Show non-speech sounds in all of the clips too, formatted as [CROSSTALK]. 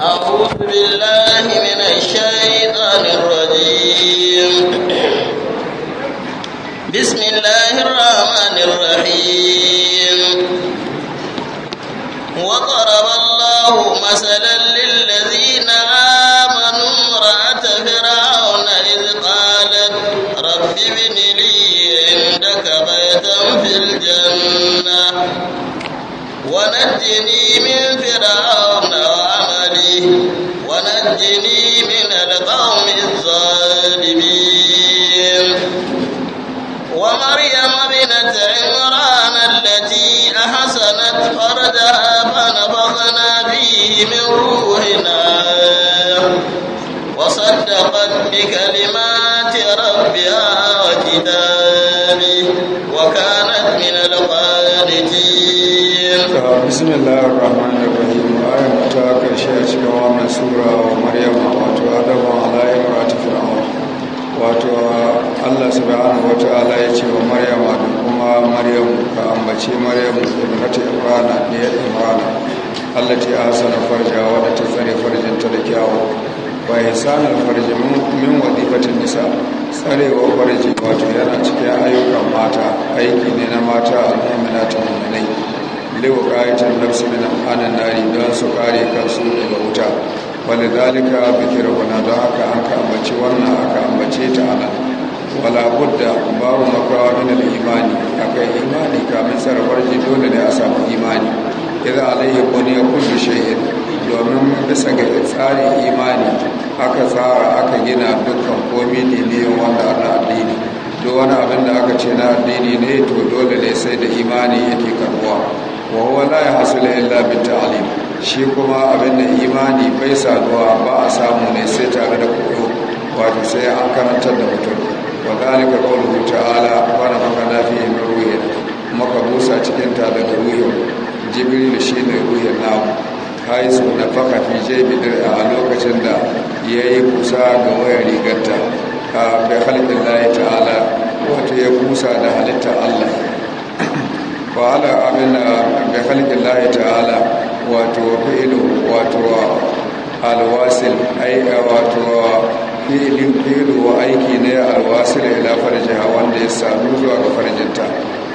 أعوذ بالله من الشيطان الرجيم بسم الله الرحمن الرحيم وضرب الله مثلا للذين آمنوا امرأة فرعون إذ قالت رب ابن لي عندك بيتا في الجنة ونجني من فرعون نجني من القوم الظالمين ومريم بنت عمران التي أحسنت فردها فنفخنا فيه من روحنا وصدقت بكلمات ربها وكتابه وكانت من القانتين بسم الله الرحمن الرحيم آية متاكشة sura wa maryama wato adamu ala imrati fir'aun wato Allah subhanahu wata'ala ya ce wa maryama da kuma maryamu ka ambace maryamu ibnati imrana ne imrana Allah ta ahsana farja wadda ta tsare farjin ta da kyawu wa ihsanal farji min wadifatin nisa tsarewa farji wato yana cikin ayyukan mata aiki ne na mata al'aminatu mu'minai lewa kayatar nafsu min anan nari don su kare kansu daga wuta wani dalika bikira wana don haka an ka ambaci wannan aka ambace ta ana wala budda babu makawa min da imani akai imani kamin sarrafar ji dole ne a samu imani idan alayhi ya kullu shay'in domin bisa ga tsarin imani aka tsara aka gina dukkan komi ne ne wanda ana addini duk wani abin da aka ce na addini ne to dole ne sai da imani yake karuwa wa huwa la yahsul illa bit ta'lim shi kuma abin da imani bai saduwa ba a samu ne sai tare da koyo wato sai an karantar da mutum wa dalika qawluhu ta'ala wa nafakhna fihi min ruhina maka busa cikin ta daga ruhin jibril shi ne ruhin namu kai su na faka fi jebi a lokacin da yayi kusa ga wayar rigarta a bi khalqin lahi ta'ala wato ya kusa da halitta Allah wa ala amina bi khalqin lahi ta'ala wato fi'ilu wato alwasil ai wato fi'ilin fi'ilu wa aiki ne alwasil ila farjiha wanda ya samu zuwa ga farjinta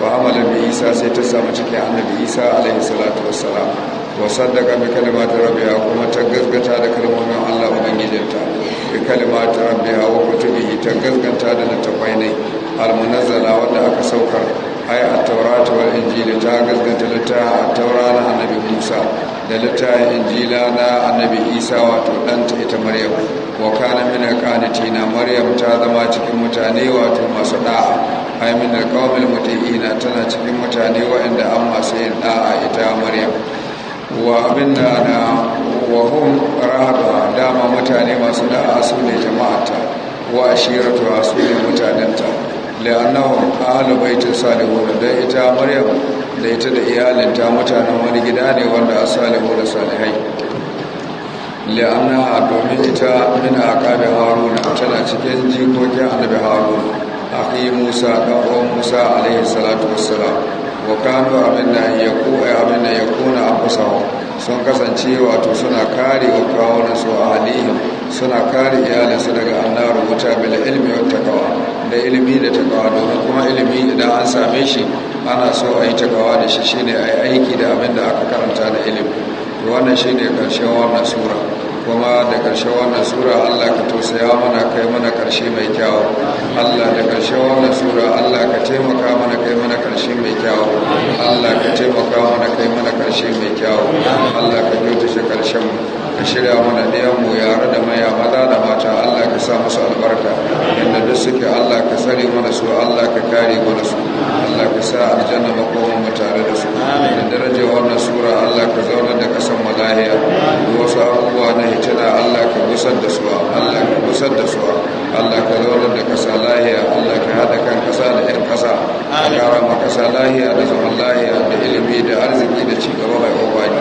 wa amalan bi isa sai ta samu cikin annabi isa alaihi salatu wassalam wa saddaka bi kalimati rabbiha kuma ta gaskata da kalmomin Allah ubangijinta bi kalimati rabbiha wa kutubihi ta gaskata da littafai ne almunazzala wanda aka saukar ai a taurata wa injila ta gaskanta littafin a taura na annabi musa da a injila na annabi isa wato ta ita maryam wa kana mina kanati na maryam ta zama cikin mutane wato masu da'a ai mina qawmil mutiina tana cikin mutane waɗanda an masu yin da'a ita maryam wa abinda na wa hum rahaba dama mutane masu da'a su ne jama'ata wa ashiratu su ne mutanenta la'annahum ahlu baitin salihun da ita maryam da ita da iyalinta mutanen wani gida ne wanda a asalihu da salihai la'annaha domin ita min aqabi haruna tana cikin jikokin annabi haruna akhi musa dan uwan musa alaihi salatu wassalam wa kanu da ya kuna yakuna abusahu sun kasance wato suna kare wa kawo su a suna kare iyalinsu daga annar wuta bil ilmi wa takawa da ilimi da takawa domin kuma ilimi idan an same shi ana so a yi takawa da shi shine a aiki da abin da aka karanta da ilimi wannan shine karshen wannan sura kuma da karshe wannan sura Allah ka tausaya mana kai mana ƙarshe mai kyau Allah da ƙarshen wannan sura Allah ka taimaka mana kai mana ƙarshe mai kyau Allah ka taimaka mana kai mana ƙarshe mai kyau Allah ka kyautace ƙarshen mu ka shirya mana ɗayan mu yare da maya maza da mata Allah ka sa musu albarka inda duk suke Allah ka tsare mana su Allah ka kare mana su Allah ka sa aljanna makoman mu tare da su da daraja wannan sura Allah ka zauna da kasan mu lahiya wasu abubuwa na hijira Allah ka gusar da su Allah ka gusar da su Allah ka zauna da kasa lahiya Allah ka hada kan kasa da yan kasa ka kara ma kasa lahiya da zaman lahiya da ilimi da arziki da cigaba mai kwakwani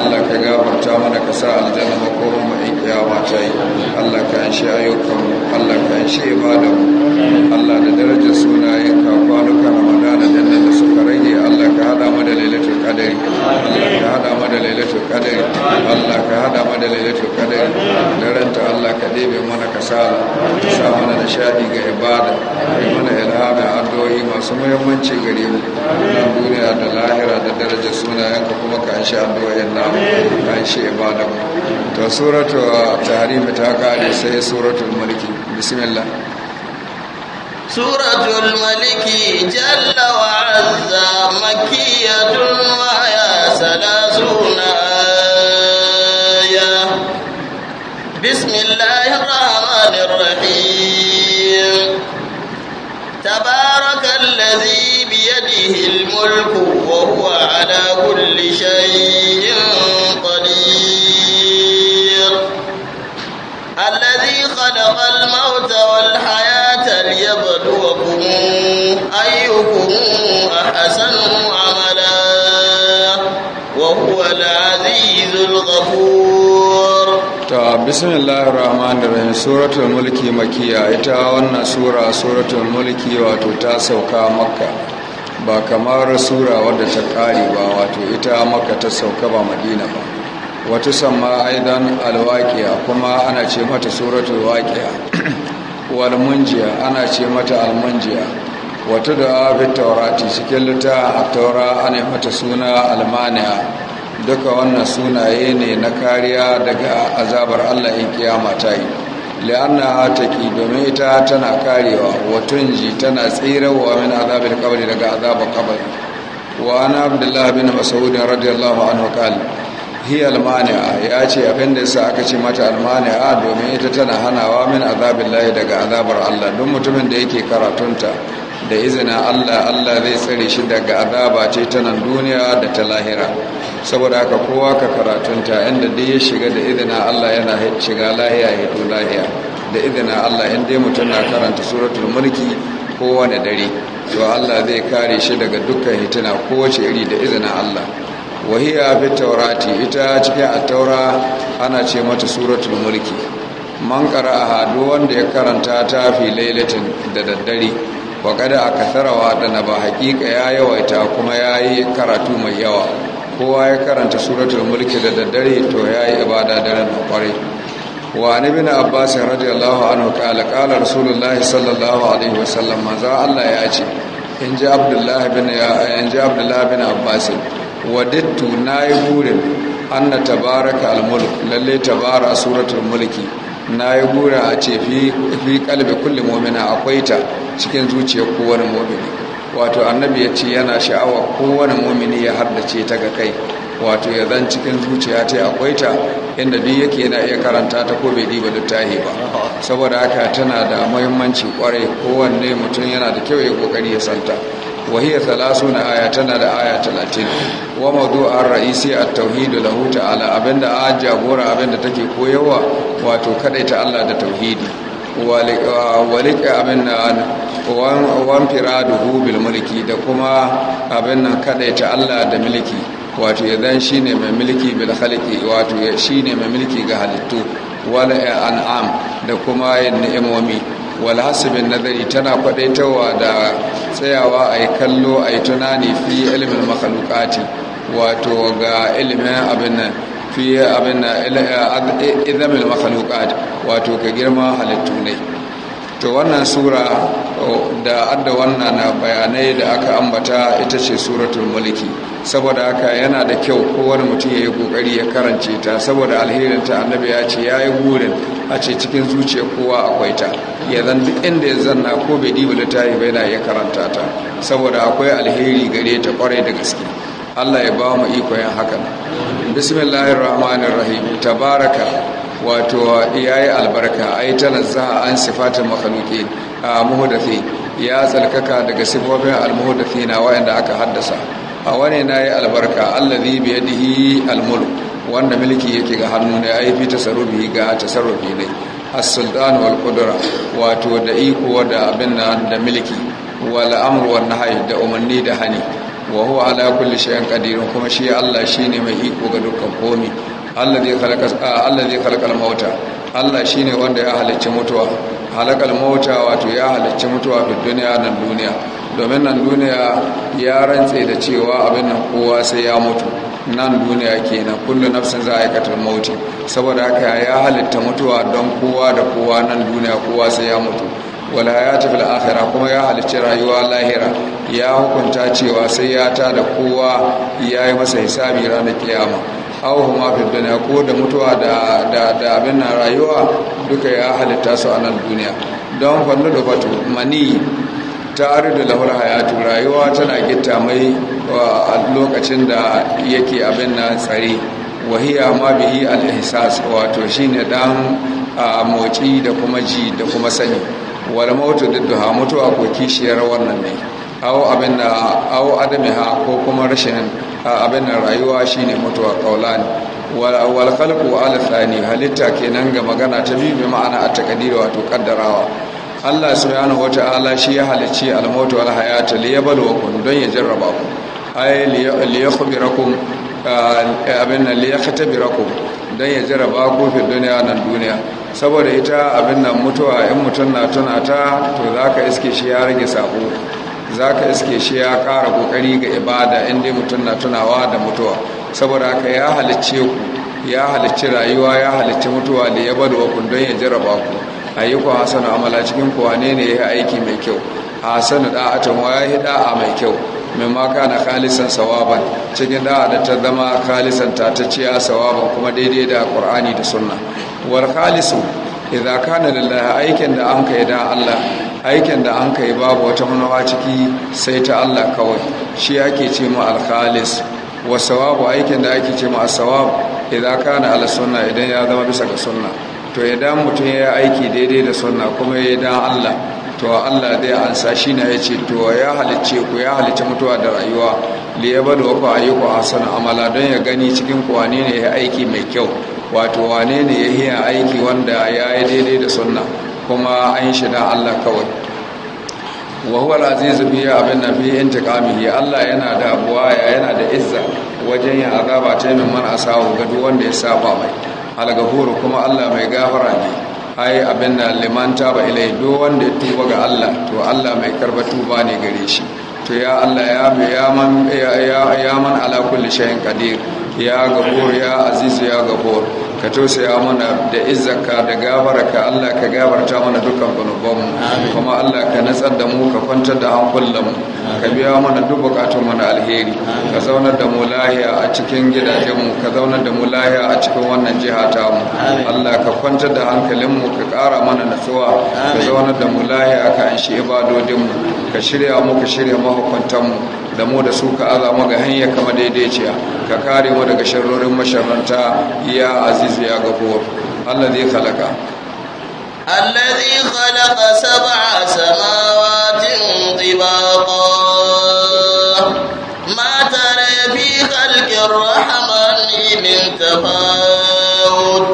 Allah ka gafarta mana kasa aljanna からのも kyakkyawa ta yi Allah ka shi ayyukan Allah ka shi ibadanmu Allah da darajar sunayen ka kwanuka ramadana da nan da suka rage Allah ka hada mu da lailatul qadari Allah ka hada mu da lailatul qadari Allah ka hada mu da lailatul qadari daren ta Allah ka ɗebe mana kasala ka sa mana nishadi ga ibada kai mana ilhamin addu'o'i masu muhimmanci gare mu nan duniya da lahira da darajar sunayen ka kuma ka shi addu'o'in namu ka shi ibadanmu to suratu cewa tahrimi ta kare sai suratul mulki bismillah suratul maliki jalla wa azza makiyatun wa ya salasuna aya bismillahir rahmanir rahim tabarakallazi biyadihi al wa huwa ala kulli shay'in أيكم أحسن عملا وهو العزيز الغفور بسم الله الرحمن الرحيم سورة الملك مكية إتا وانا سورة سورة الملك وتتاسو مكة ba kamar sura wadda ta kare ba wato ita maka ta sauka ba madina ba wata samma aidan alwaƙiya kuma ana ce mata suratul waƙiya [CLEARS THROAT] walmunjiya ana ce mata almunjiya wata da fi taurati cikin lita a taura ana mata suna almaniya duka wannan sunaye ne na kariya daga azabar allah in kiyama ta yi li'anna hataki domin ita tana karewa watun ji tana tsirawa min azabar kabari daga azabar kabari wa ana abdullahi bin masaudin radiyallahu an hukali hi almaniya ya ce abin da yasa aka ce mata almaniya domin ita tana hanawa min azabillahi daga azabar allah don mutumin da yake karatunta da izinin Allah Allah zai tsare shi daga azaba ce ta nan duniya da ta lahira saboda haka kowa ka karatunta inda dai ya shiga da izinin Allah yana shiga lahiya to lahiya da izinin Allah in dai mutum na karanta suratul mulki kowane dare to Allah zai kare shi daga dukkan hituna kowace iri da izinin Allah wahiya fi taurati ita cikin attaura ana ce mata suratul mulki man qara'aha duk wanda ya karanta ta fi lailatin da daddare wa kada a kasarawa na ba hakika ya yawaita kuma ya yi karatu mai yawa kowa ya karanta suratul mulki da daddare to ya yi ibada daren da kwarai wa ni bin abbas radiyallahu anhu qala qala rasulullahi sallallahu alaihi wasallam maza Allah ya ce in ji abdullahi bin ya in ji abdullahi bin abbas dittu nayi burin anna tabaraka al-mulk lalle tabara suratul mulki na yi gura a ce fi kalbi kulli momina akwai ta cikin zuciya kowane momini wato annabi ya ce yana sha'awa kowane momini ya haddace ta ga kai wato ya zan cikin zuciya ta akwai ta inda duk yake yana iya karanta ta ko bai diba littahi ba saboda haka tana da mahimmanci kwarai kowanne mutum yana da kyau ya kokari ya santa وهي ثلاثون آية تنادى آية ثلاثين وموضوع الرئيسي التوحيد له تعالى أبند take بورا أبند تكي كويوا واتو كدت الله دا توحيدي walik abin wan firaduhu bil mulki da kuma abin nan ta Allah da mulki wato idan shine mai mulki shine mai mulki ga halittu wala an'am da kuma ni'imomi walhasibin nazari tana kwadaitawa da tsayawa a yi kallo a yi tunani fi ilimin makalukati wato ga ilimin abin nan fi abin nan izamin makalukati wato ga girma halittu ne to wannan sura da adda wannan bayanai da aka ambata ita ce suratul mulki saboda haka yana da kyau kowane mutum ya yi kokari ya karance ta saboda alherinta annabi ya ce ya yi burin a ce cikin zuciya kowa akwai ta ya zan duk inda ya zanna ko bai diba da littafi bai na ya karanta ta saboda akwai alheri gare ta kwarai da gaske Allah ya ba mu iko yin hakan bismillahir rahmanir rahim tabaraka wato yayi albarka ai nazza an sifatil a muhdathin ya tsalkaka daga sifofin na wanda aka haddasa a wane nayi albarka allazi bi yadihi almulk wanda mulki yake ga hannu ne ai fi tasarrufi ga tasarrufi ne as-sultan wal qudra wato da iko da abin nan da mulki wal amru wan nahyi da umanni da hani wa huwa ala kulli shay'in qadir kuma shi Allah shine mai iko ga dukkan komai alladhi khalaqa alladhi khalaqa al-mauta Allah shine wanda ya halicci mutuwa halakal mauta wato ya halicci mutuwa fi duniya nan duniya domin nan duniya ya rantse da cewa abin nan kowa sai ya mutu nan duniya kenan kullu nafsin za a mauti saboda haka ya halitta mutuwa don kowa da kowa nan duniya kowa sai ya mutu wala ya tafi la'akira kuma ya halicci rayuwa lahira ya hukunta cewa sai ya ta da kowa ya yi masa hisabi ranar kiyama auhu mafi fi duniya ko da mutuwa da abin na rayuwa duka ya halitta su a nan duniya don fannu da fatu mani ta da lahur hayatu rayuwa tana gitta mai a lokacin da yake abin na tsare wahiya ma bihi al-ihsas wato shine dan moci da kuma ji da kuma sani wal mautu didduha mutuwa ko kishiyar wannan ne aw abin da aw ha ko kuma rashin abin da rayuwa shine mutuwa qaulani wal khalqu ala thani halitta kenan ga magana ta bi bi ma'ana a taqdir wato kaddarawa Allah subhanahu wata'ala shi ya halicci al-mautu wal hayata liyabluwakum don ya jarraba ku ay yakhbirakum abinna ah, eh, yakhtabirakum don ya jarraba ku fi duniya nan duniya saboda ita abin nan mutuwa in mutun na tana ta to zaka iske shi ya rage sabo zaka iske shi ya ƙara kokari ga ibada in dai mutun na tunawa da mutuwa saboda haka ya halicce ku ya halicci rayuwa ya halicci mutuwa li ya don ya jarraba ku ayyukan hasanu amala cikin kuwa ne ne ya aiki mai kyau hasanu da'atun wa ya da'a mai kyau mai maka na khalisan sawaban cikin da'a da ta zama khalisan tatacciya sawaban kuma daidai da qur'ani da sunna war khalisu idza kana lillahi aikin da an kai da Allah aikin da an kai babu wata munawa ciki sai ta Allah kawai shi ake ce mu al-khalis wa sawabu aikin da ake ce mu as-sawab idza kana ala sunna idan ya zama bisa ga sunna to idan mutum ya aiki daidai da sunna kuma ya dan Allah to Allah dai ansa shi na ya ce to ya halicce ku ya halicce mutuwa da rayuwa li ya bada wa ayyuka hasana amala don ya gani cikin ku wane ne ya aiki mai kyau wato wane ne ya yi aiki wanda ya yi daidai da sunna kuma an shi dan Allah kawai wa huwa al-aziz bi abin nabi intiqamihi Allah yana da abuwa yana da izza wajen ya azaba ta min man asahu ga duk wanda ya saba mai algafuru kuma Allah mai gafara ne ai abin da liman ba ilai do wanda ya tuba ga Allah to Allah mai karba tuba ne gare shi to ya Allah ya man ya ya man ala kulli shay'in qadir ya gafur ya aziz ya gafur ka tausaya mana da izzaka da gafaraka Allah ka gafarta mana dukkan gunubanmu kuma Allah ka natsar da mu ka kwantar da hankulanmu ka biya mana duk bukatunmu na alheri ka zaunar da mu lahiya a cikin gidajenmu ka zaunar da mu lahiya a cikin wannan jiha tamu Allah ka kwantar da hankalinmu ka ƙara mana natsuwa ka zaunar da mu lahiya ka anshi ibadodinmu ka shirya mu ka shirya mahukuntanmu da mu da su ka aza mu ga hanya kama daidaiciya ka kare mu daga sharrorin masharanta ya azizu ya gafur Allah zai khalaqa الذي خلق سبع سماوات طباقا ما ترى في خلق الرحمن من تفاوت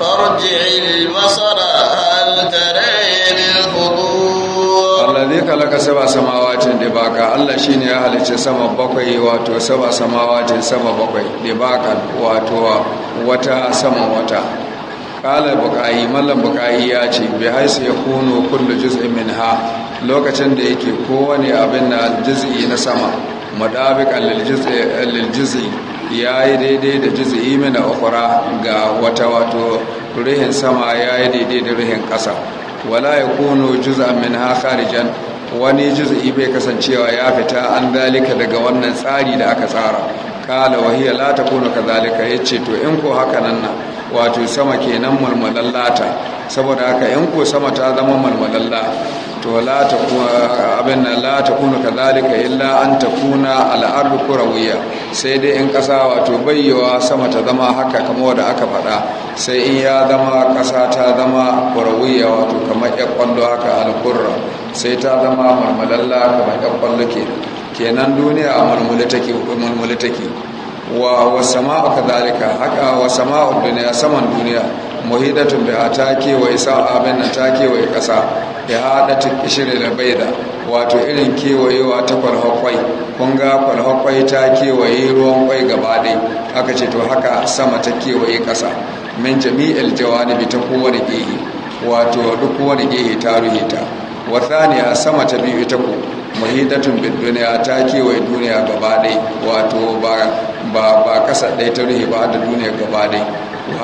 فارجع البصر هل ترى allazi khalaqa sab'a samawatin dibaka Allah shine ya halice sama bakwai wato sab'a samawatin sama bakwai baka wato wata sama wata qala bukai mallan bukai ya ce bi haisu yakunu kullu juz'in minha lokacin da yake kowane abin na juz'i na sama madabiqan lil juz'i ya juz'i yayi daidai da juz'i mina ukhra ga wata wato rihin sama yayi daidai da rihin kasa wala ya kono juz'an min ha kharijan wani juz'i bai kasancewa ya fita an dalika daga wannan tsari da aka tsara kala wahiya la kuno kadhalika yace to in ko haka nan wato sama kenan mulmulallata saboda haka in ko sama ta zama mulmulalla to la ta abin la ta kuna kadalika illa an takuna al'ardu kurawiya sai dai in kasa wato bayyawa sama ta zama haka kamar da aka faɗa sai in ya zama kasa ta zama kurawiya wato kamar ya kwallo haka alkurra sai ta zama marmalalla kamar ya kwallo ke kenan duniya marmule take marmule take wa sama'u kadalika haka sama'u dunya saman duniya muhidatun da ta kewaye sa abin nan ta kewaye ƙasa ya haɗa ta kishiri da wato irin kewayewa ta kwalhakwai kun ga kwalhakwai ta kewaye ruwan kwai gaba ɗai aka ce to haka sama ta kewaye ƙasa min jami'il bi ta kowane gehe wato duk kowane gehe ta ruhe wasani a sama ta biyu ita ku mahidatun bin duniya ta kewaye duniya gaba ɗai wato ba kasa ɗai ta rufe ba da duniya gaba ɗai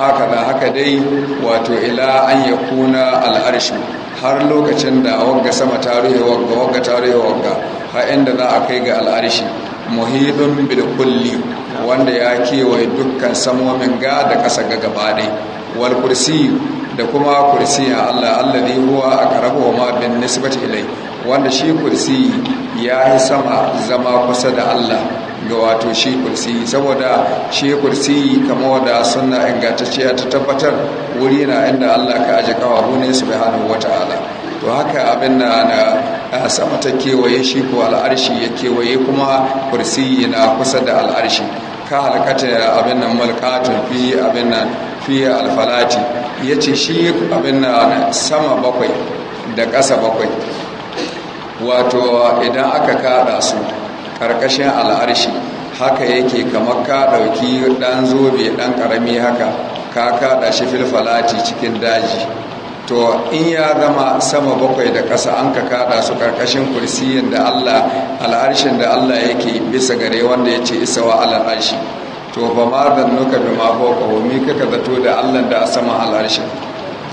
haka da haka dai wato ila an ya kuna al'arshi har lokacin da wagga sama ta rufe wagga wagga ta rufe wagga har inda za a kai ga al'arshi muhidun bil kulli wanda ya kewaye dukkan samomin ga da kasa ga gaba ɗai wal kursiyu da kuma kursi a Allah alladhi huwa a wa ma bin nisbati ilai wanda shi kursi ya yi sama zama kusa da Allah ga wato shi kursi saboda shi kursi kama wada suna ingantacciya ta tabbatar wuri na inda Allah ka su bai ne wata ala to haka abin da na sama ta kewaye shi ko al'arshi ya kewaye kuma kursi na kusa da al'arshi ka halkata abin nan malkatun fi abin nan fi alfalati ya ce shi abin na sama bakwai da ƙasa bakwai wato idan aka kada su ƙarƙashin al'arshi haka yake kamar ka ɗauki ɗan zobe ɗan ƙarami haka ka kada shi filfalati cikin daji to in ya zama sama bakwai da ƙasa an ka kada su ƙarƙashin kursiyin da allah al'arshin da allah yake bisa gare wanda ya ce isawa al'arshi to ba ma zannuka bi ma fawqa wa mi kaka zato da Allah da asama al'arshin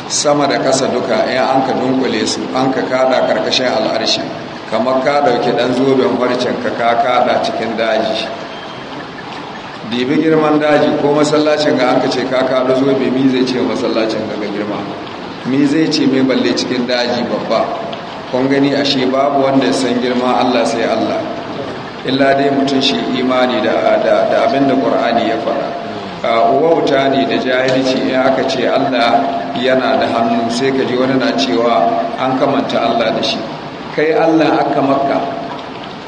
sama da kasa duka in an ka dunkule su an ka kada karkashin al'arshin kamar ka dauke dan zoben farcen ka ka kada cikin daji dibi girman daji ko masallacin ga an ka ce ka kada zobe mi zai ce masallacin ga girma mi zai ce mai balle cikin daji babba kun gani ashe babu wanda ya san girma Allah sai Allah illa dai mutum shi imani da abin da ƙur'ani ya faɗa wauta ne da jahilci in aka ce allah yana da hannu sai ka ji wani na cewa an kamanta allah da shi kai allah aka maka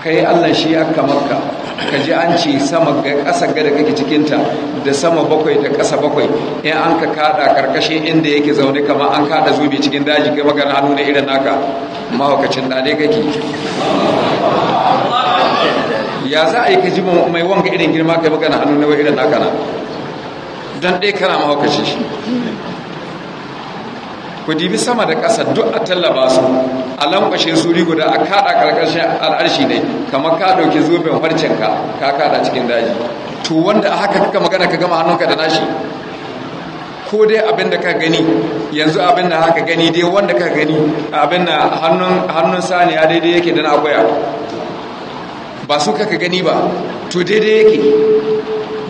kai allah shi aka maka ka ji an ce sama ga ƙasa ga da kake cikinta da sama bakwai da ƙasa bakwai in an ka kada karkashin inda yake zaune kama an kada zubi cikin daji ga magana hannu na irin naka mahaukacin dane kake ya za a yi ka ji mai wanga irin girma kai magana hannu nawa irin naka na don ɗaya kana mahaukaci shi ku dibi sama da ƙasa duk a tallaba su a lankwashe suri guda a kaɗa ƙarƙashin al'arshi ne kamar ka ɗauki zoben farcen ka ka kaɗa cikin daji to wanda haka kaka magana ka gama hannunka da nashi ko dai abin da ka gani yanzu abin da haka gani dai wanda ka gani abin da hannun saniya daidai yake da na akwai ba su ka gani ba to daidai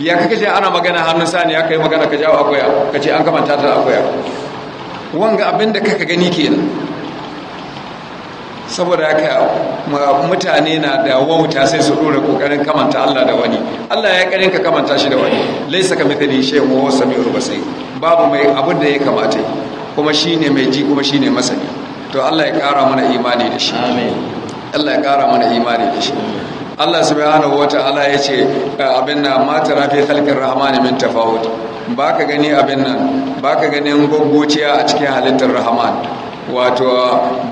yake ya kaka ce ana magana hannun sani ya kai magana ka jawo akwaya ka ce an kamanta ta akwaya wanga abin da kaka gani kenan saboda haka mutane na da wauta sai su dora kokarin kamanta Allah da wani Allah ya karin ka kamanta shi da wani laisa ka mithli shay'un wa sami'ul basir babu mai abin da ya kamata kuma shine mai ji kuma shine masani to Allah ya kara mana imani da shi amin Allah ya kara mana imani da shi Allah subhanahu ta'ala ya ce eh, abin na mata rafi halkar rahman min tafawut ba ka gani abin nan ba ka ganin gwaggociya a cikin halittar rahman wato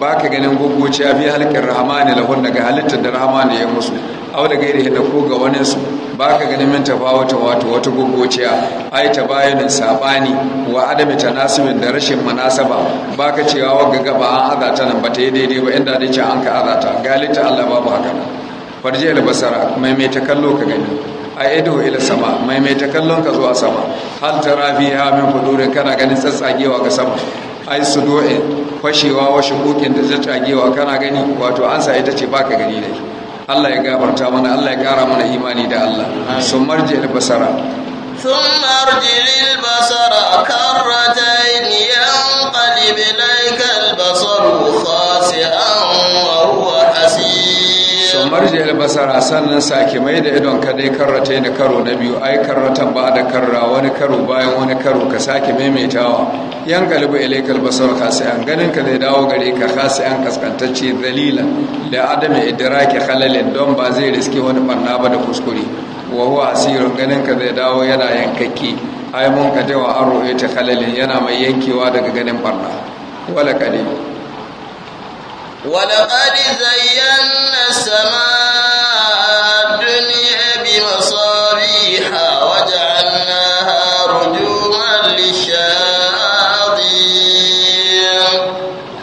ba ka ganin gwaggociya fi halkar rahmani lahun daga halittar da rahman ya musu au da gairi da ko ga wani su ba ka ganin min tafawut wato wata gogociya ai ta bayanin sabani wa adami tanasibin da rashin munasaba ba ka cewa wa gaba an azata nan ba ta yi daidai ba inda dace an ka azata galita Allah babu haka farji albasara mai mai kallo ka gani a ido ila sama mai mai kallo ka zuwa sama hal tara fiha min fudurin kana ganin tsatsagewa ga sama ai doe fashewa wa shukukin da tsatsagewa kana gani wato an sa ita ce baka gani dai Allah ya gafarta mana Allah ya kara mana imani da Allah sun marji albasara ثم ارجع البصر 'yan ينقلب اليك sun marje albasara sannan sake mai da idon ka dai karrata ni karo na biyu ai karratan ba da karra wani karo bayan wani karo ka sake maimaitawa yan galibu ilaikal basar an ganin ka zai dawo gare ka an kaskantacce dalila da adam idraki khalalin don ba zai riske wani barna ba da kuskure wa huwa asirun ganin ka zai dawo yana yankakke ai mun ka tawa aro ita yana mai yankewa daga ganin barna wala kadibu ولقد زينا السماء الدنيا بمصابيح وجعلناها رجوما للشياطين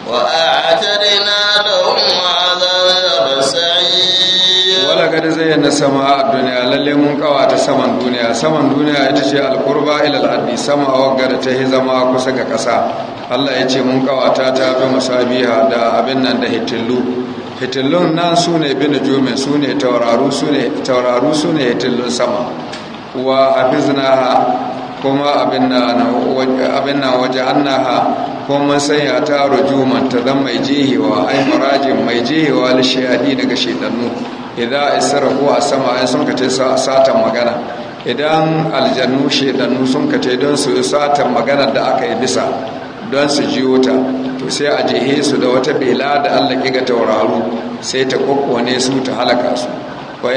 وأعتدنا لهم عذاب سعير ولقد زينا السماء الدنيا للي من قوات سمن دنيا سمن دنيا يتجي القربى إلى الأرض سما وقرته زما كسك كسا Allah ya ce mun kawata ta bi musabiha da abin nan da hitillu hitillun nan su ne bin jumin su ne tauraru su ne hitillun sama wa hafiznaha kuma abin nan waje annaha kuma mun sanya ta rujuman ta zan mai jihewa ai marajin mai jihewa lishiyadi daga shidannu idan israfu a sama ai sun kace satan magana idan aljannu shidannu sun kace don su satan magana da aka yi bisa don su ji wuta to sai a jihe su da wata bela da allah ga tauraro sai ta kokone su ta halaka su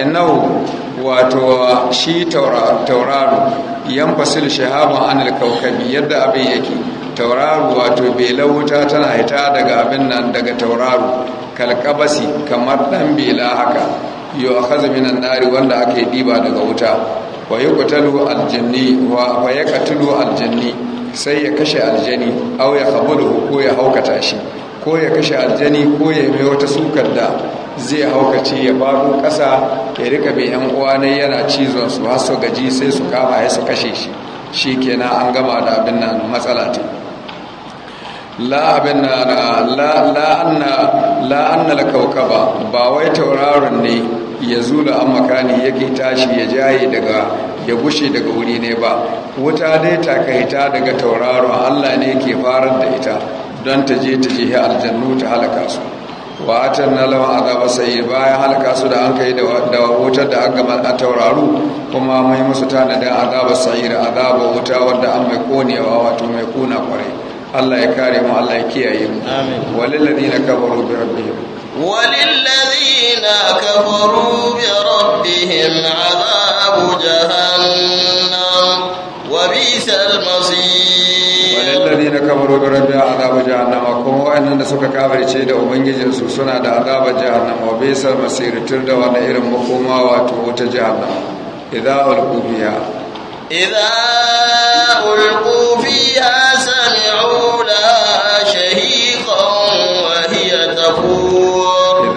nau wato shi tauraro yan fasil shahaban anil kaukabi yadda abin yake tauraro wato bela wuta tana hita daga abin nan daga tauraro kalkabasi kamar dan bela haka yau a kazuminan nari wanda aka yi diba daga wuta wa yi kwatalo aljanni aljanni sai ya kashe aljani au ya kabulu ko ya haukata shi ko ya kashe aljani ko ya mai wata sukar da zai haukace ya faɗo kasa ya rika mai yan uwa ne yana cizon su har gaji sai su kama ya su kashe shi shi kenan an gama da abin nan matsala ta la abin na la la anna ba wai tauraron ne ya zula an makani yake tashi ya jaye daga ya gushe daga wuri ne ba wuta dai takaita daga tauraro. allah ne ke farar da ita don ta je ta jihe aljannu ta halaka su watan na lawan azaba sai bayan halaka su da an kai da wutar da aka a tauraro kuma mai musu tanadin azaba sai da azaba wuta wanda an mai konewa wato mai kuna kwarai allah ya kare mu allah ya kiyaye mu walil ladina kafaru bi rabbihim وللذين كفروا بربهم عذاب جهنم وبئس المصير وللذين كفروا بربهم عذاب جهنم كما وأننا سوك كافر شيء وبنجي سوسنا عذاب جهنم وبئس المصير ترد وانا إرم مقوما وتوت جهنم إذا ألقوا فيها إذا ألقوا فيها سمعوا لها شيئا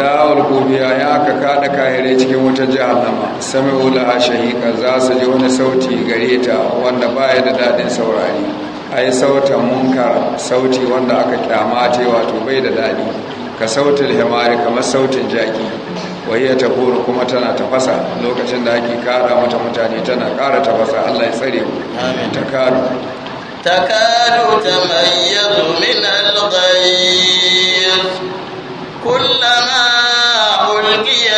da'awar gobiya ya aka kada kayare cikin wutar jahannama ula a shahika za su ji wani sauti gare ta wanda ba ya da daɗin saurari ai sautan munkar sauti wanda aka kyama ce wato bai da daɗi ka sautin himari kamar sautin jaki wahiyar ta horo kuma tana tafasa lokacin da ake kara mata mutane tana kara tafasa allah ya tsare mu ta ta ta mayyazu min kullama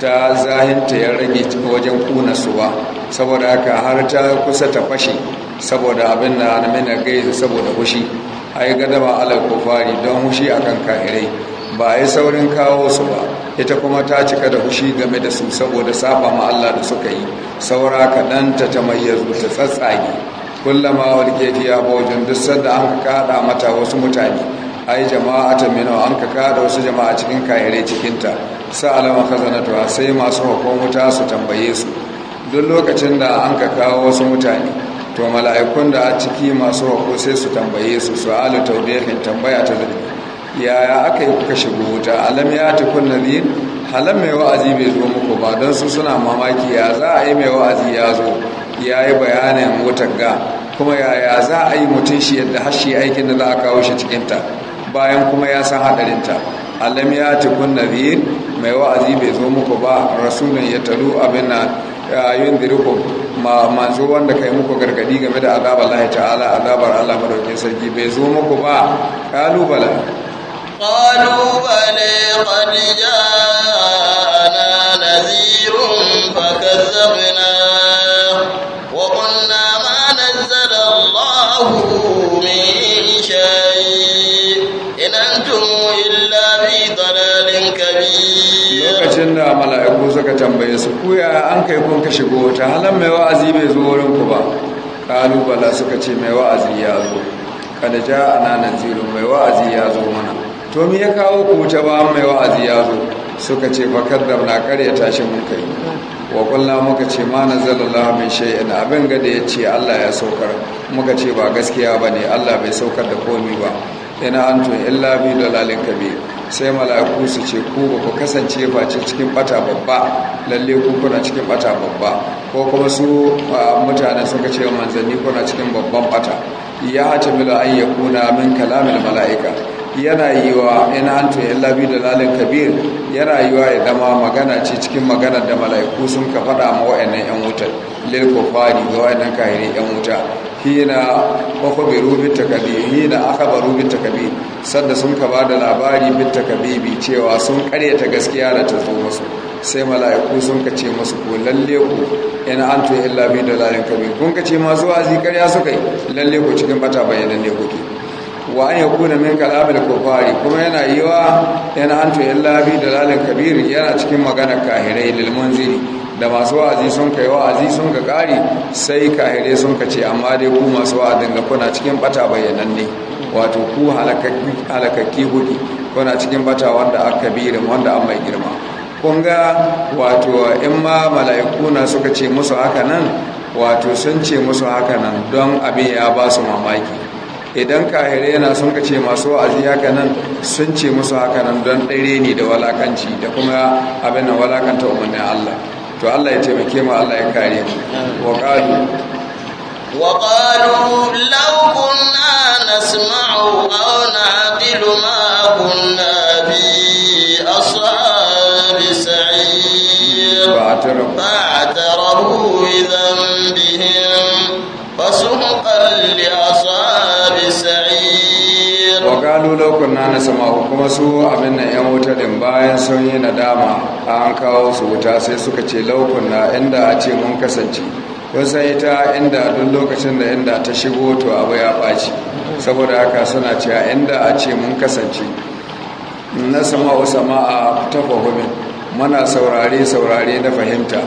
ta zahinta ya rage wajen kuna su ba saboda haka har ta kusa ta fashe saboda abin na namina gaiza saboda hushi a yi gadama alal kufari don hushi a kan kahirai ba a yi saurin kawo su ba ita kuma ta cika da hushi game da su saboda safa ma Allah da suka yi saura kaɗan ta ta tamayyazu ta tsatsage kullama walƙeti ya bojin duk sanda an kada mata wasu mutane ai jama'ata minhu an ka kada wasu jama'a cikin kayare cikin ta sa'alama khazanatuha sai masu hukumu wuta su tambaye su duk lokacin da an ka kawo wasu mutane to mala'ikun da a ciki masu hukun sai su tambaye su su'alu tawbihin tambaya ta zuri yaya aka yi kuka shigo wuta alam ya tukun nadhir halam mai wa'azi bai zo muku ba don su suna mamaki ya za a yi mai wa'azi ya zo ya yi bayanin wutar ga kuma yaya za a yi mutum shi yadda har aikin da za a kawo shi cikinta bayan kuma ya san hadarinta alam ya ci kun nadhir mai wa'azi bai zo muku ba rasulun ya talu abin na yin dirikun ma manzo wanda kai muku gargadi game da azabar Allah ta'ala azabar Allah madaukin sarki bai zo muku ba kalubala kalubale qad ja'ana nadhirun fakazzabna wa qulna ma nazzala lokacin da mala'iku suka tambaye su ku ya an kai kun ka shigo ta halan mai wa'azi bai zo wurin ku ba kalubala suka ce mai wa'azi ya zo kada ja ana nazirin mai wa'azi ya zo mana to me ya kawo ku ta ba mai wa'azi ya zo suka ce fakar da na karya tashi mun kai wa kullu muka ce ma nazalallahu min shay'in abin ga da yace Allah ya saukar muka ce ba gaskiya bane Allah bai saukar da komai ba ina antu illa bi dalalin kabir sai mala'iku su ce ku ba ku kasance face cikin bata babba lalle ku kuna cikin bata babba ko kuma su mutane suka ce manzanni kuna cikin babban bata ya hatimila an yakuna min kalamin mala'ika yana yiwa in antu labi da lalin kabir yana wa ya ma magana ce cikin magana da mala'iku sun ka faɗa ma wa'annan yan wuta lil kufari ga wa'annan kahiri yan wuta hina akhbaru bit takabir hina akhbaru bit takabir sanda sun ka bada labari bit bi cewa sun karyata gaskiya da ta zo musu sai mala'iku sun ka ce musu ko lalle ku in antu labi da lalin kabir kun ka ce masu zuwa zikariya suka yi lalle ku cikin bata bayanan ne kuke wa an yakuna min kalamil kufari kuma yana yiwa yana antu illa bi dalalin kabir yana cikin magana kahirai lil munziri da masu wa'azi sun kai wa'azi sun ga kare sai kahirai sun ka ce amma dai ku masu wa'azi ga kuna cikin bata bayyananne wato ku halakakki hudi kuna cikin bata wanda aka birin wanda an mai girma kun ga wato in ma mala'iku na suka ce musu haka nan wato sun ce musu haka nan don abin ya ba su mamaki idan kahire yana sun ka ce masu wa'azi haka nan sun ce musu haka nan don ɗare ne da walakanci da kuma abin da walakanta umarnin Allah to Allah ya taimake mu Allah ya kare mu wa qalu wa qalu law kunna nasma'u aw na'qilu ma kunna bi ashabi sa'ir ba'tarafu kalu lokun na sama kuma su abin nan yan wuta din bayan sun yi nadama an kawo su wuta sai suka ce lokun na inda a ce mun kasance kun san ita inda duk lokacin da inda ta shigo to abu ya ɓaci saboda haka suna cewa inda a ce mun kasance na sama'a ta fahimin mana saurare saurare na fahimta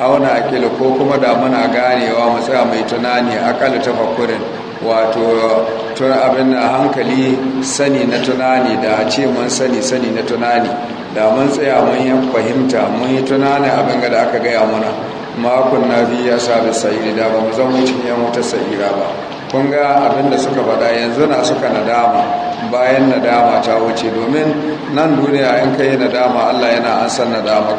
auna akili ko kuma da muna ganewa mu tsaya mai tunani akalla fakurin wato tun abin da hankali sani na tunani da ce mun sani sani na tunani da mun tsaya mun yi fahimta mun yi tunanin abin da aka gaya mana makon na biyu ya sa da sa'iri da ba mu zama cikin yan wata sa'ira ba kun ga abin da suka faɗa yanzu na suka nadama bayan nadama ta wuce domin nan duniya in ka yi nadama allah yana an san ka.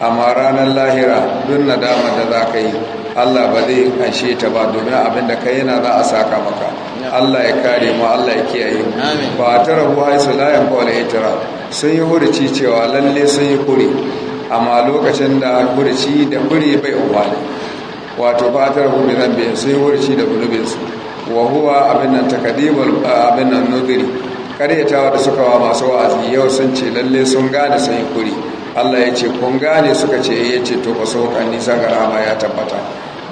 amma ranar lahira duk nadamar da za ka yi Allah ba zai kanshe ta ba domin abin da kai yana za a saka maka Allah ya kare mu Allah ya kiyaye mu ba ta rabu haisu la yan kawai itira sun yi hurici cewa lalle sun yi kuri amma lokacin da hurici da kuri bai umarni wato ba ta rabu bi zambe sun yi hurici da zunubinsu wa huwa abin nan takadibul abin nan nudiri karyatawa da suka wa masu wa'azi yau sun ce lalle sun gane sun yi kuri Allah ya ce kun gane suka ce eh, ya ce to ba kan nisa ga rama ya tabbata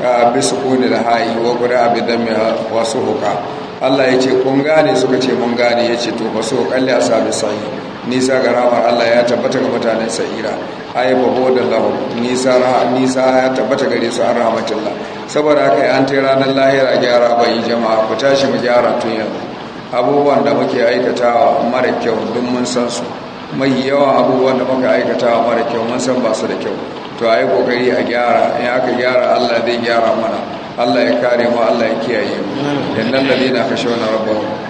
abin su kuni da hayi wa guda abin da mai wasu huka Allah ya ce kun gane suka ce mun gane ya ce to ba kan li sami sahi nisa ga rama Allah ya tabbata ga mutanen sa'ira ayi babo da lahu nisa nisa ya tabbata gare su an rahmatullah saboda haka an tai ranar lahira gyara yi jama'a ku tashi mu gyara tun yanzu abubuwan da muke aikatawa mara kyau duk mun san su mai yawan abubuwan da muka aikata wa mara kyau mun san ba su da kyau to a yi kokari a gyara in aka gyara allah zai gyara mana allah ya kare mu allah ya kiyaye mu na kashe wani rabbahum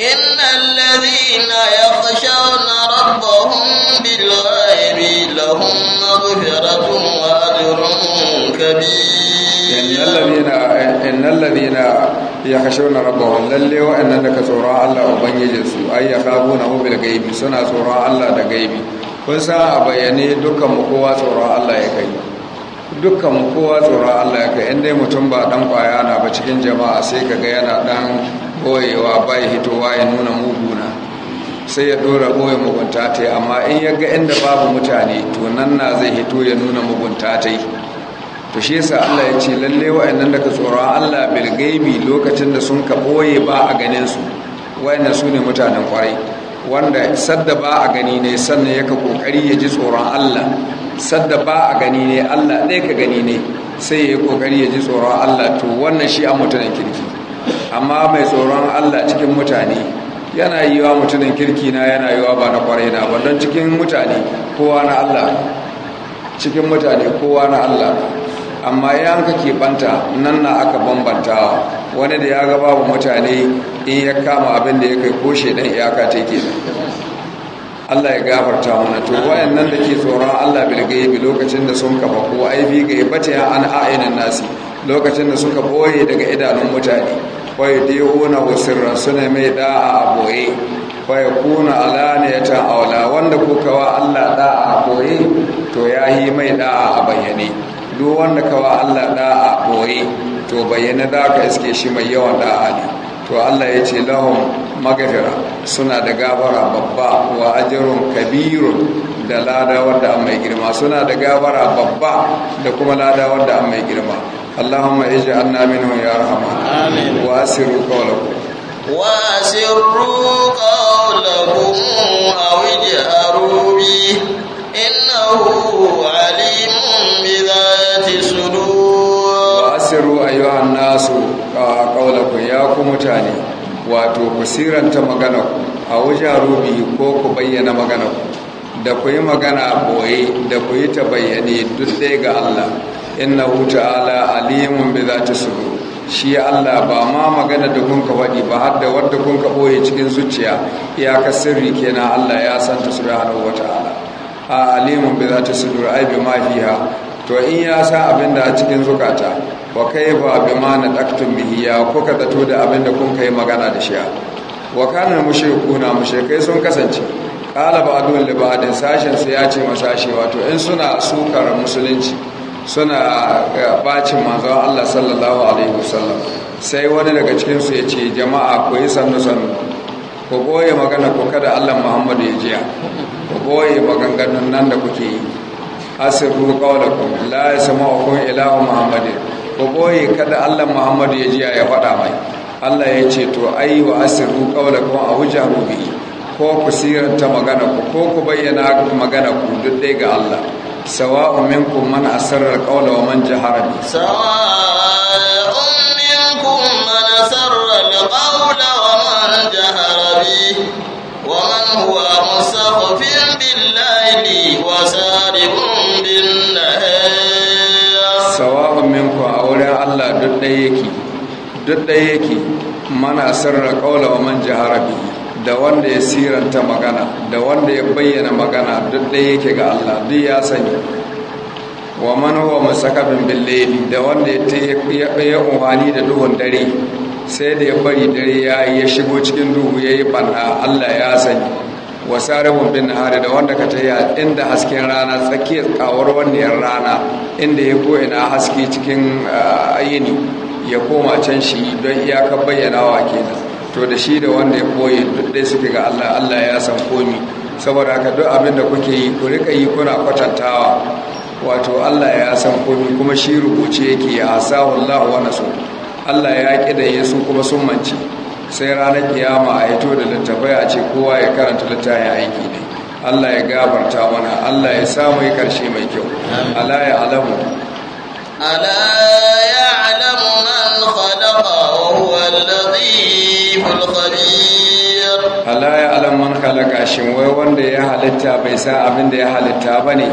إن الذين يخشون ربهم بالغيب لهم مغفرة وأجر كبير إن الذين يخشون ربهم للي وإن أنك سورة الله وبنجلس أي يخافونه بالغيب سنة سورة الله kun sa a bayyane dukkan kowa tsoron Allah ya kai dukkan kowa tsoron Allah ya kai inda mutum ba dan kwaya na ba cikin jama'a sai ka ga yana dan boyewa bai hitowa ya nuna muguna sai ya dora boye mugunta ta amma in ya ga inda babu mutane to nan na zai hito ya nuna mugunta ta to shi yasa Allah ya ce lalle wa'annan ka tsoron Allah bil gaibi lokacin da sun ka boye ba a ganin su wa'annan su ne mutanen kwarai wanda sadda ba a gani ne sannan yaka kokari ya ji tsoron Allah sadda ba a gani ne Allah ɗaya ka gani ne sai ya yi kokari ya ji tsoron Allah to wannan shi a mutanen kirki amma mai tsoron Allah cikin mutane yana yi wa mutumin kirki na yana yi wa ba na kwarai na ba don cikin mutane kowa na Allah cikin mutane kowa na Allah amma yan ka banta nan na aka bambanta wani da ya ga babu mutane in ya kama abin da ya kai koshe dan iyaka ta ke Allah ya gafarta mana to nan da ke tsoron Allah bilgaye lokacin da sun kafa ko aifi ga ya an a'inan nasi lokacin da suka boye daga idanun mutane wai dihuna wasirran suna mai da'a a boye kwaye kuna alaniyatan aula wanda kukawa Allah da'a a boye to ya yi mai da'a a bayyane duk wanda kawa Allah da'a a boye to bayyane da ka iske shi mai yawan da'a ne to Allah ya ce lahun magafira suna da gabara babba wa ajrun kabirun da lada wanda an mai girma suna da gabara babba da kuma lada wanda an mai girma اللهم اجعلنا منهم يا رحمن آمين وأسروا قولكم وأسروا قولكم أو اجهروا به إنه عليم بذات الصدور وأسروا أيها الناس قولكم يا كمتاني wato ku siranta magana ku a wajen rubi ko ku bayyana magana ku da ku yi magana boye da ku yi ta bayyane duk ɗaya ga Allah Inna hu ta'ala alimun bi zati sudur shi Allah ba ma magana da kun ka faɗi ba har da wanda kun ka boye cikin zuciya ya ka sirri kenan Allah ya san ta subhanahu wata'ala a alimun bi zati sudur ai bi ma fiha to in ya sa abin da a cikin zukata wa ba bi ma na nadaktum bihi ya ka zato da abin da kun kai magana da shi wa kana mushrikuna mushrikai sun kasance qala ba'dun li ba'din sashen sai ya ce masashe wato in suna sukar musulunci suna eh, bacin manzon Allah sallallahu alaihi wasallam sai wani daga cikinsu ya ce jama'a ku yi sannu-sannu ku goye magana ku kada Allah Muhammadu ya jiya ku goye maganganun nan da kuke yi asiru qawlakum la yasma'ukum ilahu Muhammadin ku goye kada Allah Muhammadu ya jiya ya faɗa mai Allah ya ce to ai wa asiru qawlakum a hujja bihi ko ku siranta magana ku ko ku bayyana magana ku duk dai ga Allah sawa'un minkum man asarra alqawla wa man jahara bi sawa'un minkum man asarra alqawla wa man jahara bi wa man huwa musaffin bil layli wa sarihun bin nahar sawa'un minkum auren Allah duk dai yake duk dai yake man asarra alqawla wa man jahara bi da wanda ya siranta magana da wanda ya bayyana magana duk da yake ga Allah duk ya sani wa man huwa musakabin bil da wanda ya ya da duhun dare sai da ya bari dare ya ya shigo cikin duhu yayi banna Allah ya sani wa sarihun bin nahari da wanda ka taya inda hasken rana tsakiyar kawar wannan rana inda ya koyi na haske cikin ayini ah, ya koma can shi don iyaka bayyanawa kenan to da shi da wanda ya koyi duk dai suke ga Allah Allah ya san komi saboda haka duk abin da kuke yi ku rika yi kuna kwatantawa wato Allah ya san komi kuma shi rubuce yake a Allah wa nasu Allah ya kida yesu kuma sun mance sai ranar kiyama a hito da littafai a ce kowa ya karanta littafin aiki ne Allah ya gabarta mana Allah ya samu ya karshe mai kyau Allah ya alamu ألا يعلم من خلق وهو اللطيف الخبير ألا يعلم من خلق أشم ويوان دي حالتا بيسا أبن دي حالتا بني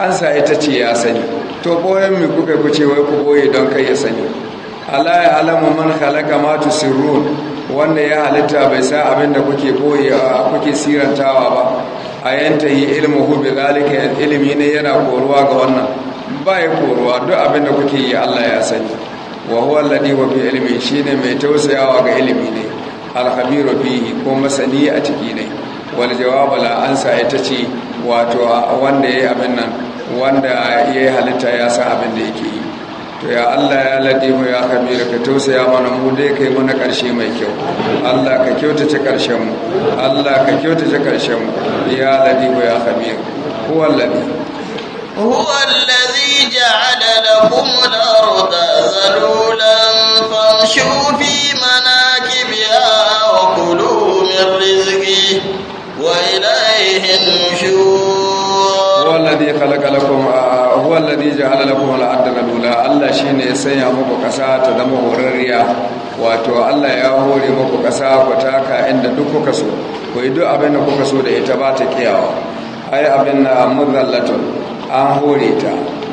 أنسى يتتي يا سني to boyen mi kuka kuce wai ku boye don kai ya sani ala ya alamu man khalaqa ma tusirrun wanda ya halitta bai san abin da kuke boyewa kuke sirantawa ba a yanta yi ilmuhu bi zalika ilmi ne yana koruwa ga wannan ba ya koruwa duk abin da kuke yi Allah ya sani wa huwa alladhi wa bi ilmi shine mai tausayawa ga ilimi ne al khabiru ko masani a ciki ne wal jawab la ansa ita ce wato wanda yayi abin nan wanda yayi halitta ya san abin da yake yi to ya Allah ya ladi mu ya kabiru ka tausaya mana mu dai kai mana karshe mai kyau Allah ka kyautace karshen mu Allah ka kyautace karshen mu ya ladi mu ya kabiru huwa ladimu هو الذي جعل لكم الأرض ذلولا فامشوا في مناكبها وكلوا من رزقه وإليه النشور هو الذي خلق لكم هو الذي جعل لكم الأرض ذلولا الله شيء يسيا muku kasa ta zama horarriya wato Allah ya hore muku kasa ku taka inda duk kuka so ku yi duk abin da kuka so da ita ba ta kiyawa ai abin na muzallatun an hore ta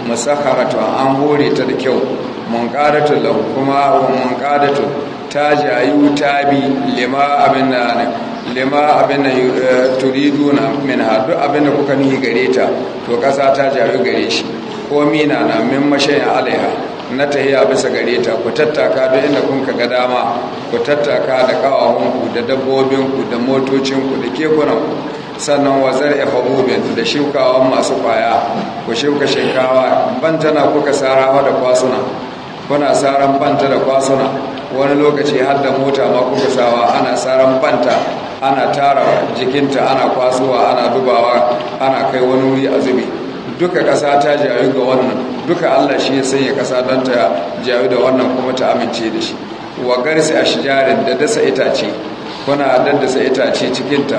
musakharatu an hore ta da kyau mun ta lahu kuma mun kada ta jayu bi lima abin lima abin eh, na min hadu abin da kuka ni gare ta to kasa ta jayu gare shi ko mina na min mashayin alaiha na tahiya bisa gare ta ku tattaka duk inda kun ga dama ku tattaka da kawahunku da dabbobinku da motocinku da kekunanku sannan wazar efagobin da shukawa masu kwaya ku shuka shinkawa bantana kuka sarawa da kwasuna kuna saran banta da kwasuna wani lokaci har da mota ma kuka sawa ana saran banta ana tara jikinta ana kwasuwa ana dubawa ana kai wani wuri a zubi duka kasa ta jayu ga wannan duka allah shi ya sanya kasa don ta jayu da wannan kuma ta amince da shi wa garsi a shijarin da dasa itace kuna daddasa itace cikinta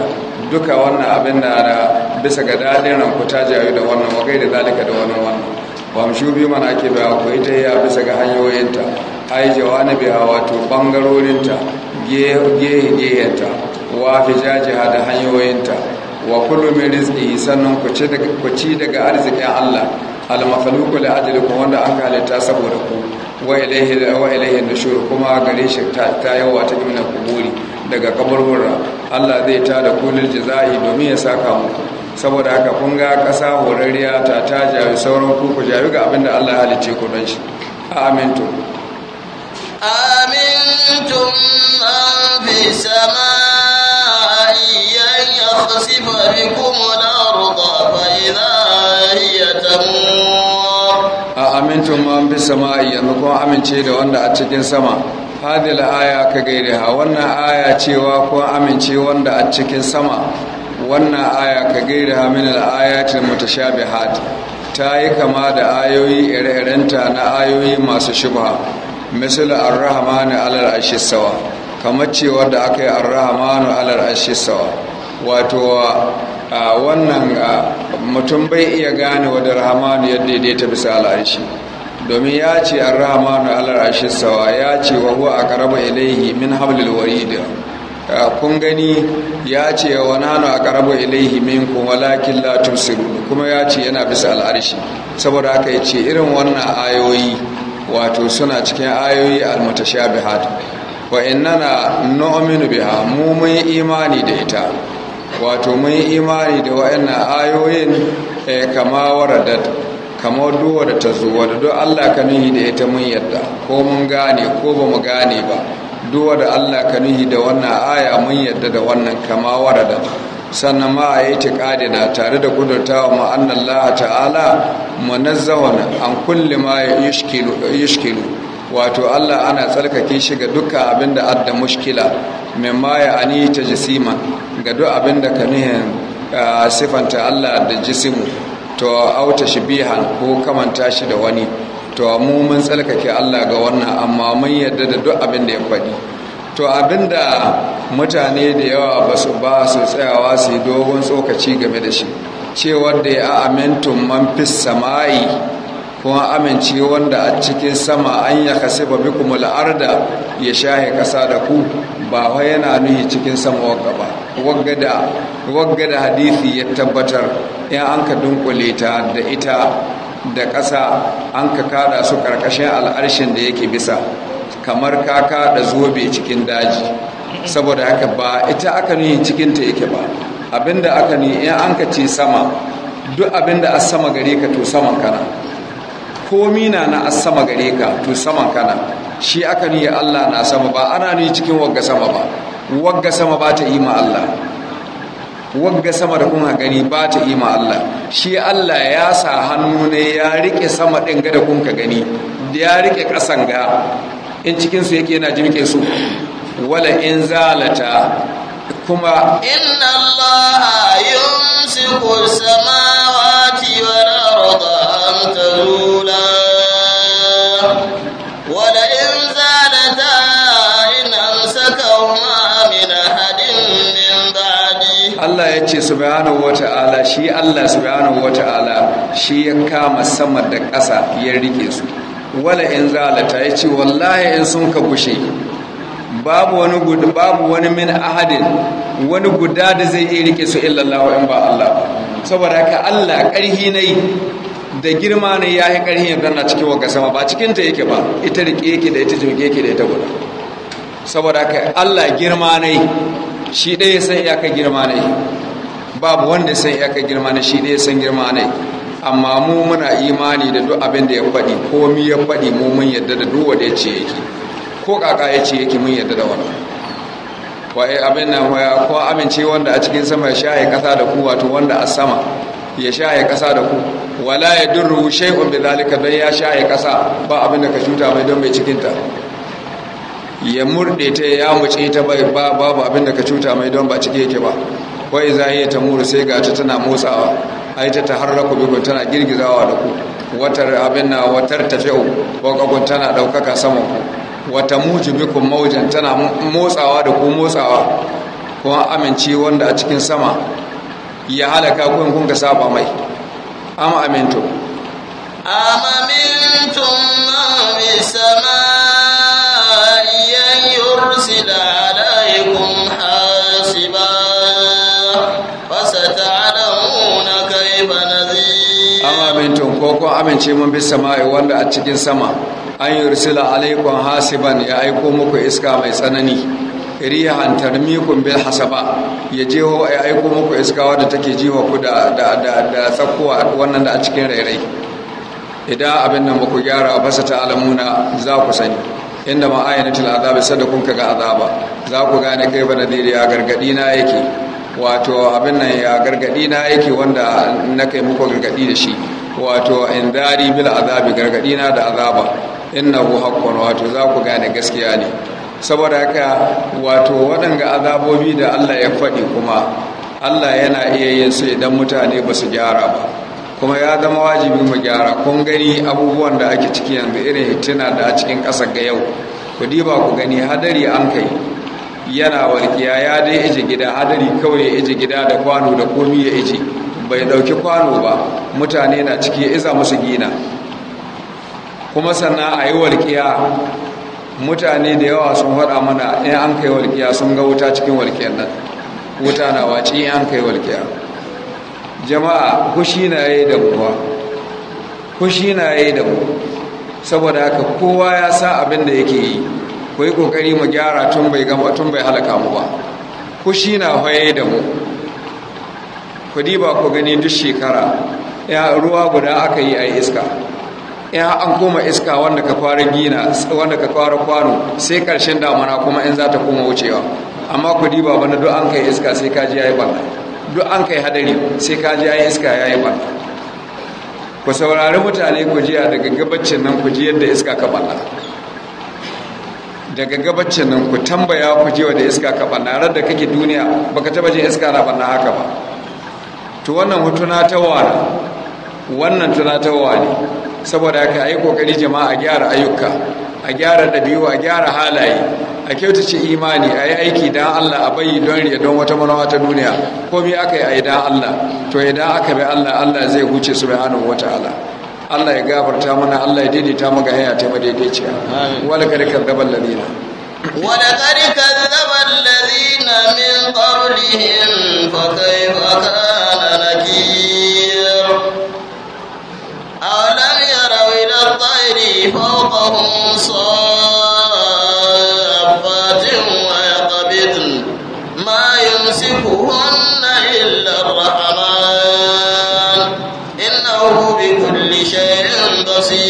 duka wannan abin da da bisa ga dadin ranku ta jayu da wannan wa da dalika da wannan wannan wa mu shubi mana ake ba ku ita ya bisa ga hanyoyinta ai jawani biya wato bangarorinta ge ta wa fijajiha da hanyoyinta wa kullum min rizqi sannan ku ci daga ku ci daga arzikin Allah al makhluqu li ajlikum wanda an halitta saboda ku wa ilaihi wa ilaihi nushur kuma gare shi ta yawa ta dimna kuburi daga kaburbura Allah zai ta da kulil jizai domin ya saka muku saboda haka kun ga ƙasa horariya ta ta jawi sauran ku ku jawi ga abinda Allah halice ku don shi amintum amintum man fi samai yan yakhsifa bikum al a man fi samai yanzu kuma amince da wanda a cikin sama hadil aya ka gaida wannan aya cewa ko amince wanda a cikin sama wannan aya ka gaida min al-ayatil mutashabihat ta yi kama da ayoyi ire-irenta na ayoyi masu shubha misal ar rahman alal ashisawa kamar cewa da aka yi ar rahman alal ashisawa wato wannan mutum bai iya gane wadda rahmanu ya daidaita bisa al'arshi domin ya ce ar-rahmanu ala sawa ya ce wa huwa karaba ilaihi min hablil da. kun gani ya ce wa nanu ilaihi min kuma walakin la siru kuma ya ce yana bisa al'arshi saboda aka yi ce irin wannan ayoyi wato suna cikin ayoyi al hatu wa innana nu'minu biha mu mun imani da ita wato mun imani da wa'annan ayoyin eh, kama dad. kamar duwa da ta zo wadda duk Allah ka nuhi da ita mun yadda ko mun gane ko ba mu gane ba duwa da Allah ka nuhi da wannan aya mun yadda da wannan kama warada sannan ma a yi na tare da kudurtawa ma'annan laha ta'ala manazzawan an kulle ma ya yishkilu wato Allah ana tsarkake shi ga duka abin da adda mushkila mai ma ya ani ta jisima ga duk abin da ka nuhin ah, sifanta Allah da jisimu to auta shibihan ko kamanta shi da wani to mu mun tsalkake Allah ga wannan amma mun yadda da duk abin da ya faɗi to abinda mutane da yawa ba su ba su tsayawa su yi dogon tsokaci game da shi cewar da ya amintun man fis samayi. kuma amince wanda a cikin sama an ya kasiba la'ar da ya shahe kasa da ku ba wai yana nuhi cikin sama wagga ba wagga da hadisi ya tabbatar in an ka dunkule ta da ita da ƙasa an ka kada su ƙarƙashin al'arshin da yake bisa kamar ka kada zobe cikin daji saboda haka ba ita aka nuhi cikin ta yake ba abinda aka nuhi in an ka ce sama duk abinda a sama gare ka to saman kana komi na na sama gare ka to saman kana shi aka ni Allah na sama ba ana ni cikin wagga sama ba wagga sama ba ta yi ma Allah wagga sama da kun gani ba ta yi ma Allah shi Allah ya sa hannu ne ya rike sama din ga da kun ka gani ya rike kasan ga in cikin su yake yana jimke su wala in zalata kuma inna Allah yumsiku samawati wal arda تزولا ولئن زالتا إن أمسكهما من أحد من بعده الله يجي سبحانه وتعالى شي ya سبحانه وتعالى wala in zalata ya ce wallahi in sun ka bushe babu wani babu wani min ahadin wani guda da zai iya rike su illallahu in ba Allah saboda haka Allah karhi nayi da girma ne ya yi ƙarhin ya zanna cikin wanka sama ba cikinta yake ba ita riƙe yake da ita jirge yake da ita guda saboda ka allah girma ne shi ɗaya san iyaka girma ne babu wanda san iyaka girma ne shi ɗaya san girma ne amma mu muna imani da duk abin da ya faɗi ko mu ya faɗi mu mun yadda da duk wanda ya ce yake ko kaka ya ce yake mun yadda da wannan 'ai eh, abin nan waya ko amince wanda a cikin sama ya shaye kasa da ku wato wanda a sama ya shaye kasa da ku wala ya durru shay'un bi zalika dan ya ya kasa ba abin da ka cuta mai don mai cikin ta ya murde ta ya muce ta bai ba babu abin da ka cuta mai don ba cike yake ba wai za yi ta muru sai ga ta tana motsawa ai ta taharraku bigun tana girgizawa da ku watar abin na watar ko wakakun tana ɗaukaka saman ku wata muji bikum maujin tana motsawa da ku motsawa kuma amince wanda a cikin sama ya halaka kun kun ka saba mai am amintum am amintum man fi samai yursila alaykum hasiba fasata'lamuna kayfa nadhir am amintum ko amince mun bi samai wanda a cikin sama an yursila alaykum hasiban ya aiko muku iska mai tsanani an tarmikum bil hasaba ya je ho ya aiko muku iskawa da take jiwa ku da da da da wannan da a cikin rairai idan abin nan muku gyara gyara fasa sa alamuna za ku sani inda ma ayanatul azabi sada ka ga azaba za ku gane kai ba da ya gargadi na yake wato abin nan ya gargadi na yake wanda na kai muku gargadi da shi wato in dari bil azabi gargadi na da azaba innahu haqqun wato za ku gane gaskiya ne saboda haka wato waɗanga azabobi da Allah ya faɗi kuma Allah yana iya yin su idan mutane ba su gyara ba kuma ya zama wajibi mu gyara kun gani abubuwan da ake ciki yanzu irin hitina da a cikin ƙasar ga yau ku diba ku gani hadari an kai yana walƙiya ya dai ije gida hadari kawai ya ije gida da kwano da komi ya ije bai ɗauki kwano ba mutane na ciki iza musu gina kuma sannan a yi walƙiya mutane da yawa sun faɗa mana in an kai walƙiya sun ga wuta cikin walƙiyar nan wuta na waci in an kai walƙiya jama'a kushi na yi da kowa kushi na yi da mu saboda haka kowa ya sa abin da yake yi ku yi ƙoƙari mu gyara tun bai gama tun bai halaka mu ba kushi na haye da mu ku ba ku gani duk shekara ya ruwa guda aka yi a iska in an koma iska wanda ka fara gina wanda ka fara kwano sai karshen damana kuma in za ta koma wucewa amma ku diba bana duk an kai iska sai ka ji yayi banda duk an kai hadari sai ka ji yayi iska yayi banda ku saurari mutane ku jiya daga gabacin nan ku ji yadda iska ka banda daga gabacin nan ku tambaya ku ji da iska ka banna rar da kake duniya baka taba jin iska na banna haka ba to wannan hutuna ta wani wannan tunatawa ne saboda haka ayi kokari jama'a a gyara ayyuka a gyara dabi'u a gyara halaye a kyautace imani a yi aiki don Allah a bayi don riya don wata manawa ta duniya komi aka yi a yi Allah to idan aka bi Allah Allah zai huce su bai hannun wata ala Allah ya gafarta mana Allah ya daidaita mu ga hanya ta madaidaiciya wala kar kadzaban ladina wala kar kadzaban ladina min qablihim fa kayfa kana nakir awlam فوقهم صافات ويقبضن ما يمسكهن إلا الرحمن إنه بكل شيء بصير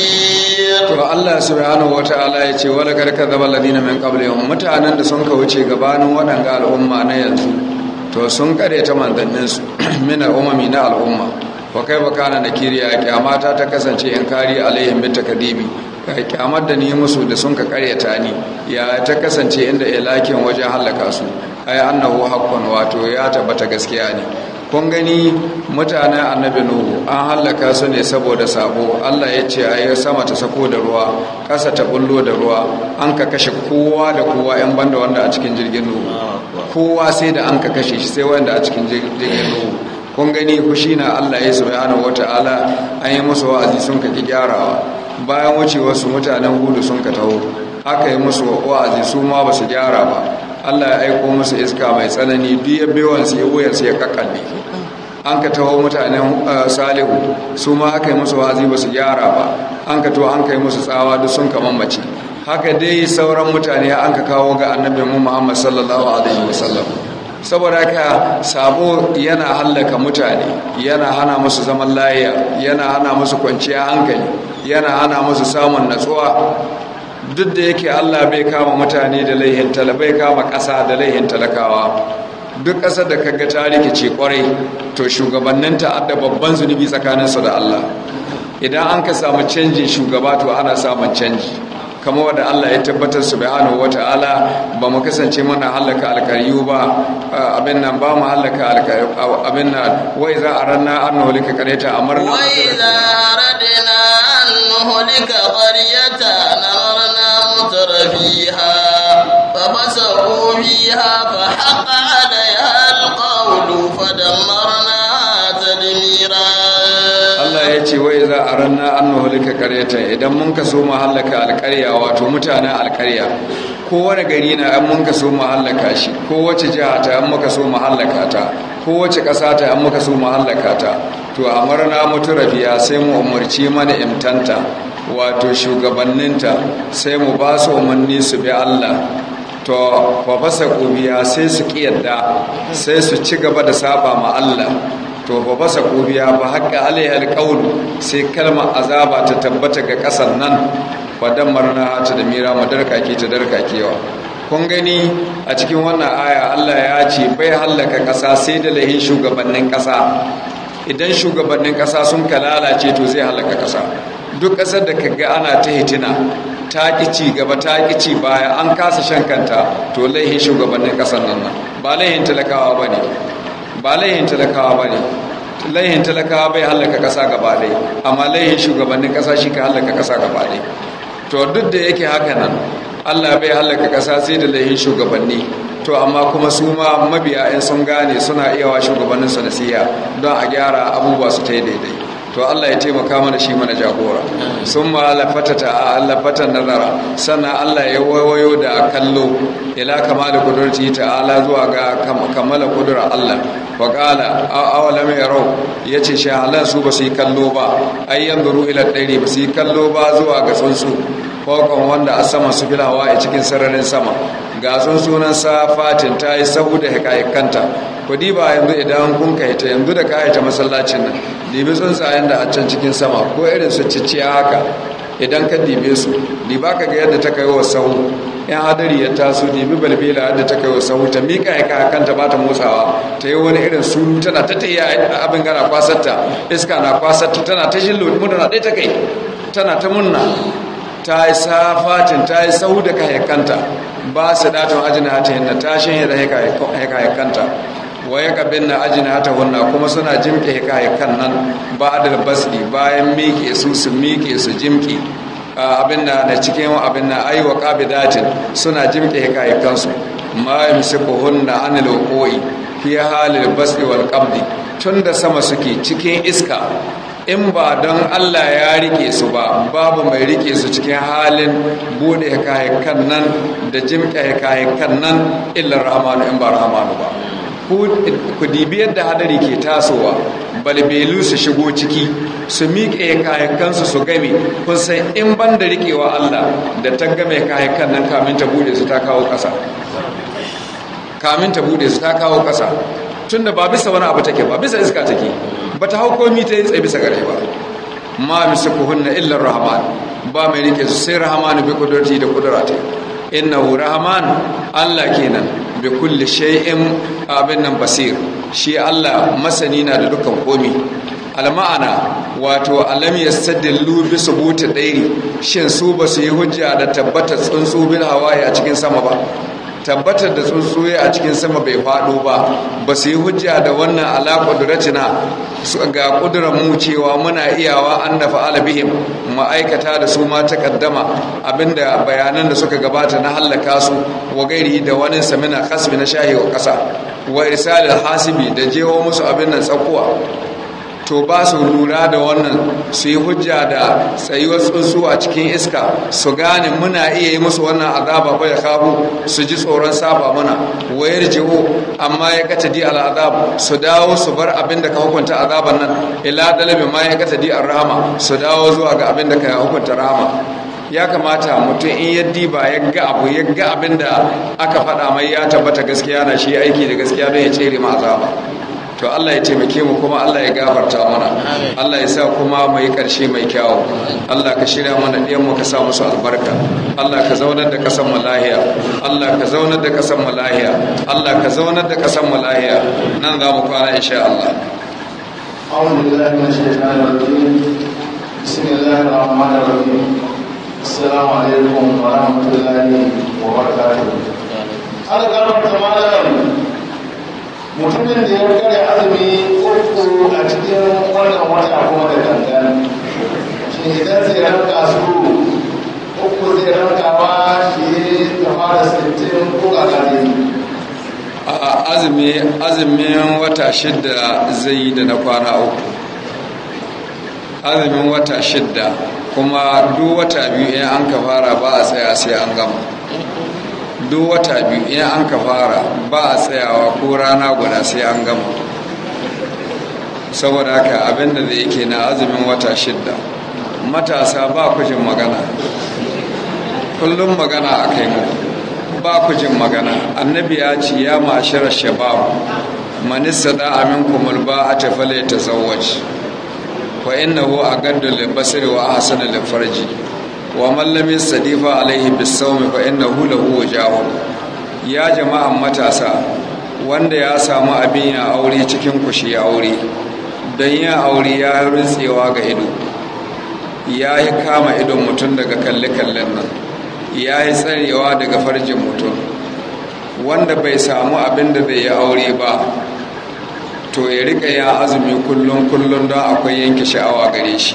الله سبحانه وتعالى يتي ولقد كذب الذين من قبلهم متعنان da sun kauce gabanin waɗanga al'umma na yanzu to sun kare ta manzanninsu mina umami na al'umma wa kai ba kana na kiriya kyamata ta kasance in kari alaihim bi takdibi kyamar da ni musu da sun ka karyata ni ya ta kasance inda ilakin wajen halaka su ai annahu hakkon wato ya tabbata gaskiya ne kun gani mutanen annabi nuhu an hallaka su ne saboda sabo Allah ya ce ayi sama ta sako da ruwa kasa ta bullo da ruwa an ka kashe kowa da kowa yan banda wanda a cikin jirgin nuhu kowa sai da an ka kashe shi sai wanda a cikin jirgin nuhu kun gani fushi na Allah ya subhanahu wata'ala an yi musu wa'azi sun ka ki gyarawa bayan wuce wasu mutanen hudu sun ka taho aka yi musu wa'azi su ma ba su gyara ba Allah ya aiko musu iska mai tsanani duk ya bewan su ya wuyar su ya kakkalle an ka taho mutanen eh, salihu su ma aka yi musu wa'azi ba su gyara ba an ka to an ka yi musu tsawa duk sun ka mamace haka dai sauran mutane an ka kawo ga mu Muhammad sallallahu alaihi wasallam saboda haka sabo yana hallaka mutane yana hana musu zaman layiya yana hana musu kwanciya hankali yana hana musu samun natsuwa duk da yake allah bai kama mutane da laihin bai kama ƙasa da laihin talakawa duk ƙasar da kaga ta rikici kwarai to ta adda babban zunubi tsakaninsu da allah idan an ka samu canjin shugaba to ana samun canji kama wadda Allah ya tabbatar subhanahu wa ta'ala ba mu kasance mana halaka alkariyu ba abin nan ba mu halaka abin nan wai za a ranna an nuhulika kareta a marna wai za a radina an nuhulika qaryata na marna mutrafiha fa fasahu fiha fa da alayha fa fadamma ya ce wai za a ranar an halika karyata idan mun ka so mu hallaka alkarya wato mutanen alkarya kowane gari na an mun ka so mu hallaka shi kowace jiha ta an muka so mu hallaka ta kowace ƙasa ta an muka so mu hallaka ta to a marana mutu rabiya sai mu umarci mana imtanta wato shugabanninta sai mu ba su umarni su bi Allah to ba fasa gobiya sai su ƙi sai su ci gaba da saba ma Allah to ba basa kobiya ba haƙƙa alai alƙawun sai kalma azaba ta tabbata ga ƙasar nan ba fa damarna ta da mira darka ke ta darka kewa kun gani a cikin wannan aya Allah ya ce bai hallaka ƙasa sai da lahin shugabannin ƙasa idan shugabannin ƙasa sun ka lalace to zai hallaka ƙasa duk ƙasar da ka ga ana ta hitina ta ci gaba ta ci baya an kasa shan kanta to laihin shugabannin ƙasar nan ba laihin talakawa ba ne ba laihin talakawa ba ne laihin talakawa bai hallaka kasa gaba ɗai amma laihin shugabannin kasa shi ka hallaka ƙasa gaba ɗai to duk da yake haka nan allah bai hallaka ƙasa sai da laihin shugabanni to amma kuma su ma mabiya 'yan sun gane suna iya wa shugabanninsu nasiha don a gyara abubuwa su ta yi daidai to Allah ya taimaka mana shi mana jagora sun ma lafatata a lafatan nazara sannan Allah ya wayo da kallo ila kamala kudurci ta'ala zuwa ga kammala kudura Allah wa qala rau ya yace shahalan su ba su yi kallo ba ayyan duru ila ɗari ba su yi kallo ba zuwa ga tsuntsu kwakwan wanda a sama su hawa a cikin sararin sama ga sun sunan sa fatin ta yi saboda hikayekanta kudi ba yanzu idan kun ta yanzu da ka kaita masallacin nan dibi tsuntsayen da a can cikin sama ko irin su ciciya haka idan ka dibe su diba ka ga yadda ta kai wa sahu yan hadari ya taso dibi balbela yadda ta kai wa sahu ta mika ya ka kanta ba ta motsawa ta yi wani irin su tana ta ta yi abin gana kwasarta iska na kwasarta tana ta lodi mutu na ɗaya ta kai tana ta munna ta yi safatin ta yi sau da haikanta ba su datun ajina hata hinna ta shanye da haikanta waye ka bin na ajina hata hunna kuma suna jimke haikan nan ba da basdi bayan miƙe su su miƙe su jimke abin da na cikin abin na aiwa datin suna jimke su ma ku hunna an wuqo'i fi halin basdi wal tun da sama suke cikin iska in ba don Allah ya rike su ba babu mai rike su cikin halin bude hikayen nan da jimta hikayen nan illar rahamanu in ba rahamanu ba ku dibi yadda hadari ke tasowa balbelu su shigo ciki su miƙe kayakansu su game kun san in ban da riƙewa Allah da ta game kayakan nan kamin ta bude su ta kawo ƙasa kamin ta bude su ta kawo ƙasa tunda ba bisa wani abu take ba bisa iska take ba ta hau komi ta yi tsaye ba ma misa kuhunna illar rahman ba mai rike su sai rahmanu bi kudurti da kudura ta hu rahman allah kenan bi kulli shay'in abin nan basir shi allah masani na da dukkan komi alma'ana wato alam yastadillu bi subuti dairi shin su ba su yi hujja da tabbatar tsuntsu bil hawaye a cikin sama ba tabbatar da tsuntsuye a cikin sama bai faɗo ba ba su yi hujja da wannan alaƙuduracina ga ƙudurar mu cewa muna iyawa an dafa alabihim ma'aikata da su ma ta kaddama abinda bayanan da suka gabata na hallaka su wa gairi da wani samina kasbi na shahi wa ƙasa wa isalil hasibi da jewa musu abin nan tsakuwa to ba su lura da wannan su yi hujja da tsayuwar tsuntsu a cikin iska su gane muna iya yi musu wannan azaba ba ya kabu su ji tsoron saba mana wayar jiho amma ya kata di azab su dawo su bar abin da ka hukunta azaban nan ila dalabi ma ya kata di rahama su dawo zuwa ga abin da ka hukunta rahama ya kamata mutum in yaddi ba ya ga abu ya ga abin da aka faɗa mai ya tabbata gaskiya na shi aiki da gaskiya don ya cire ma azaba to Allah ya taimake mu kuma Allah ya gafarta mana Allah ya sa kuma mai karshe mai kyawu Allah ka shirya mana ɗiyan mu ka sa musu albarka Allah ka zaunar da mu lahiya Allah ka zaunar da kasan mu lahiya Allah ka zaunar da kasan mu lahiya nan za mu kwana insha Allah أعوذ mutumin da ya kare azumi uku a cikin wannan wata kuma da kankan shi idan zai ranka su uku zai ba shi ta fara sittin kuka a a azumi azumin wata shidda zai yi da na kwana uku azumin wata shidda kuma duk wata biyu in an ka fara ba a tsaya sai an gama duk wata biyu in an ka fara ba a tsayawa ko rana guda sai an gama saboda haka abinda da yake na azumin wata shidda matasa ba ku magana kullum magana a kai mu ba ku magana annabi ya ce ya ma'ashara shabab manista da amin kumul ba a tafale ta zawaj wa hu a gaddul basir wa a hasanar farji wa mallamin sadifa alaihi bisawmi fa innahu lahu wajahu ya jama'an matasa wanda ya samu abin ya aure cikin kushi ya aure don yin aure ya yi ga ido ya yi kama idon mutum daga kalle-kallen nan ya yi tsarewa daga farjin mutum wanda bai samu abin da zai yi aure ba to ya rika ya azumi kullum-kullum don akwai yanke sha'awa gare shi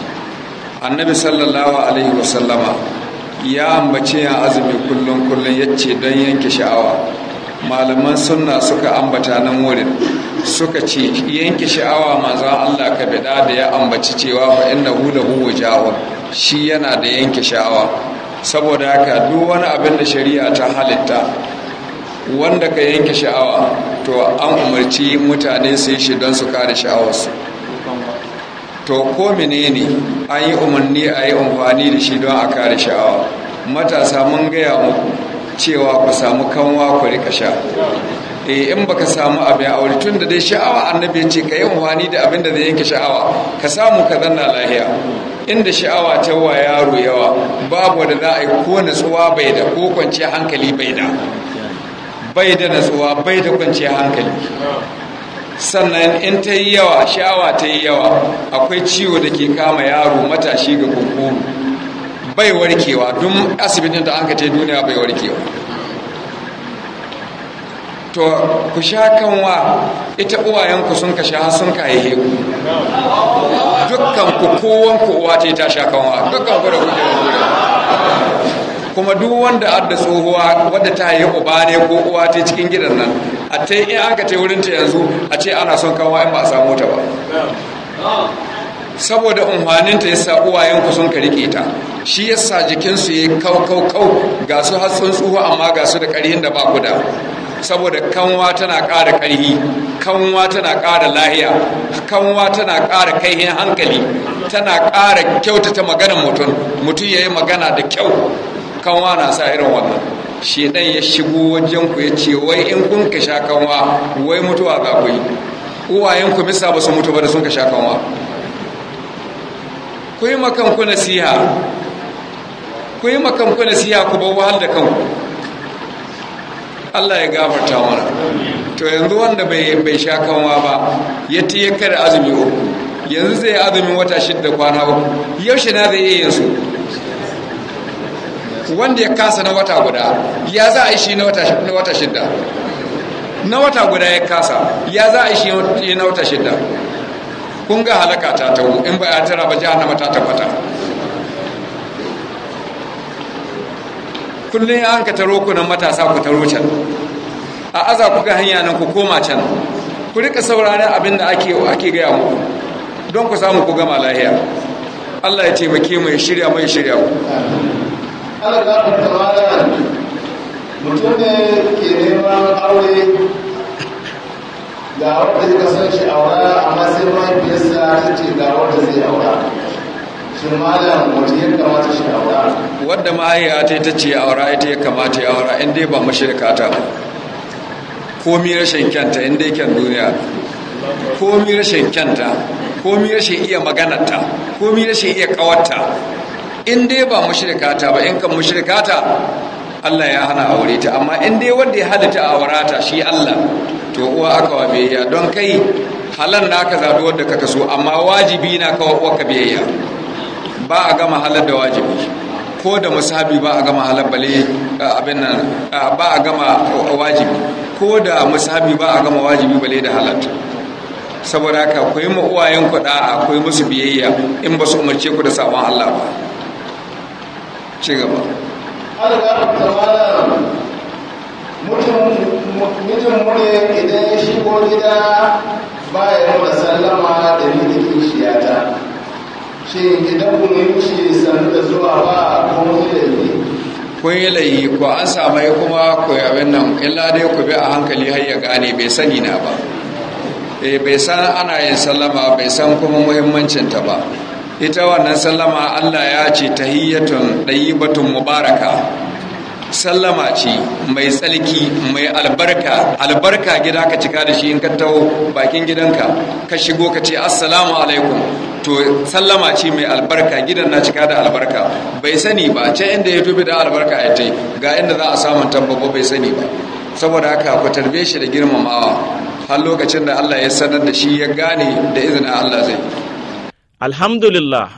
annabi sallallahu alaihi wasallama ya ambace ya azumi kullum kullum ya ce don yanke sha'awa malaman sunna suka ambata nan wurin suka ce yanke sha'awa manzan Allah ka bida da ya ambaci cewa fa inna hu lahu shi yana da yanke sha'awa saboda haka duk wani abin da shari'a ta halitta wanda ka yanke sha'awa to an umarci mutane su yi shi don su kare sha'awarsu to ko menene an yi umarni a yi amfani da shi don a kare sha'awa matasa mun gaya muku cewa ku samu kanwa ku rika sha eh in baka samu abin aure tun da dai sha'awa annabi ce ka yi amfani da abin da zai yanke sha'awa ka samu ka zanna lahiya inda sha'awa ta wa yaro yawa babu da za a yi ko natsuwa bai da ko kwanciyar hankali bai da bai da natsuwa bai da kwanciyar hankali sannan in ta yi yawa sha'awa ta yi yawa akwai ciwo da ke kama yaro matashi ga kunkuru bai warkewa don asibitin da an ka duniya bai warkewa to ku sha kanwa ita uwayenku sun ka sha sun ka haihe ku dukkan ku kowanku uwa ta sha kanwa dukkan ku da kuke da kuma duk wanda adda tsohuwa wadda ta yi uba ne ko uwa ta cikin gidan nan a ta yi in aka ta wurin ta yanzu a ce ana son kanwa in ba a samu ta ba saboda umfaninta ya sa uwayenku sun ka rike ta shi ya sa jikinsu ya kau kau kau ga su har tsuhu amma ga su da karihin da ba ku da saboda kanwa tana kara karhi kanwa tana kara lahiya kanwa tana kara kaihin hankali tana ƙara kyautata maganar mutum mutum ya yi magana da kyau kanwa na sa irin wannan Shi dan ya shigo wajen ku ya ce wai in kun ka sha kanwa wai mutuwa za ku yi uwayen ku misa ba su mutu ba da sun ka sha kanwa ku yi makanku nasiha ku yi ku nasiha ku bar wahal da kanku Allah ya gafarta mana to yanzu wanda bai sha kanwa ba ya tiye kada azumi uku yanzu zai azumin wata shidda kwana uku yaushe na zai iya yin su wanda ya kasa na wata guda ya za a yi shi na wata shidda na wata guda ya kasa ya za a yi shi na wata shidda kun ga halaka ta tawo in ba a tara ba mata ta tabbata kullum an ka taro ku matasa ku taro can a aza ku ga hanya nan ku koma can ku rika sauraron abin da ake ake gaya muku don ku samu ku gama lahiya Allah ya taimake mai shirya mai shirya ku ana gafar ta mara mutum ne ke neman aure ga wadda zai kasance aura amma sai mahaifiyarsa ta ce ga wadda zai aura shin malam wace ya kamata shi aura wadda mahaifiya ta ta ce aura ita ya kamata ya aura inda dai ba mashirka ta ba komi rashin kyanta inda dai kyan duniya komi rashin kyanta komi rashin iya maganarta komi rashin iya kawarta in dai ba mushrikata ba in kan mushrikata Allah ya hana aure ta amma in dai wanda ya halitta aurata shi Allah to uwa aka wa biyayya don kai halan naka zabi wanda kaka so amma wajibi na ka uwa ka biyayya ba a gama halar da wajibi ko da musabi ba a gama halar bale abin nan ba a gama wajibi ko da musabi ba a gama wajibi bale da halal saboda haka akwai mu uwayen ku da akwai musu biyayya in ba su umarce ku da sabon Allah ba ci gaba mijinmu ne idan ya shigo gida ba ya nuna sallama da mijin shiyata shi idan ku ne mishi da zuwa ba ko mutane kun yi layi ko an samai kuma koya abin nan illa dai ku bi a hankali har ya gane bai sani na ba eh, bai san ana yin sallama bai san kuma muhimmancinta ba ita wannan sallama Allah ya ce tahiyyatun ɗayyibatun mubaraka sallama ce mai tsalki mai albarka albarka gida ka cika da shi in ka taho bakin gidanka ka shigo ka ce assalamu alaikum to sallama ce mai albarka gidan na cika da albarka bai sani ba ce inda ya tobe da albarka ya ta, ga inda za a samun tabbaba bai sani ba saboda haka ku tarbe shi da girmamawa har lokacin da Allah ya sanar da shi ya gane da izinin Allah zai আলহামদুলিল্লাহ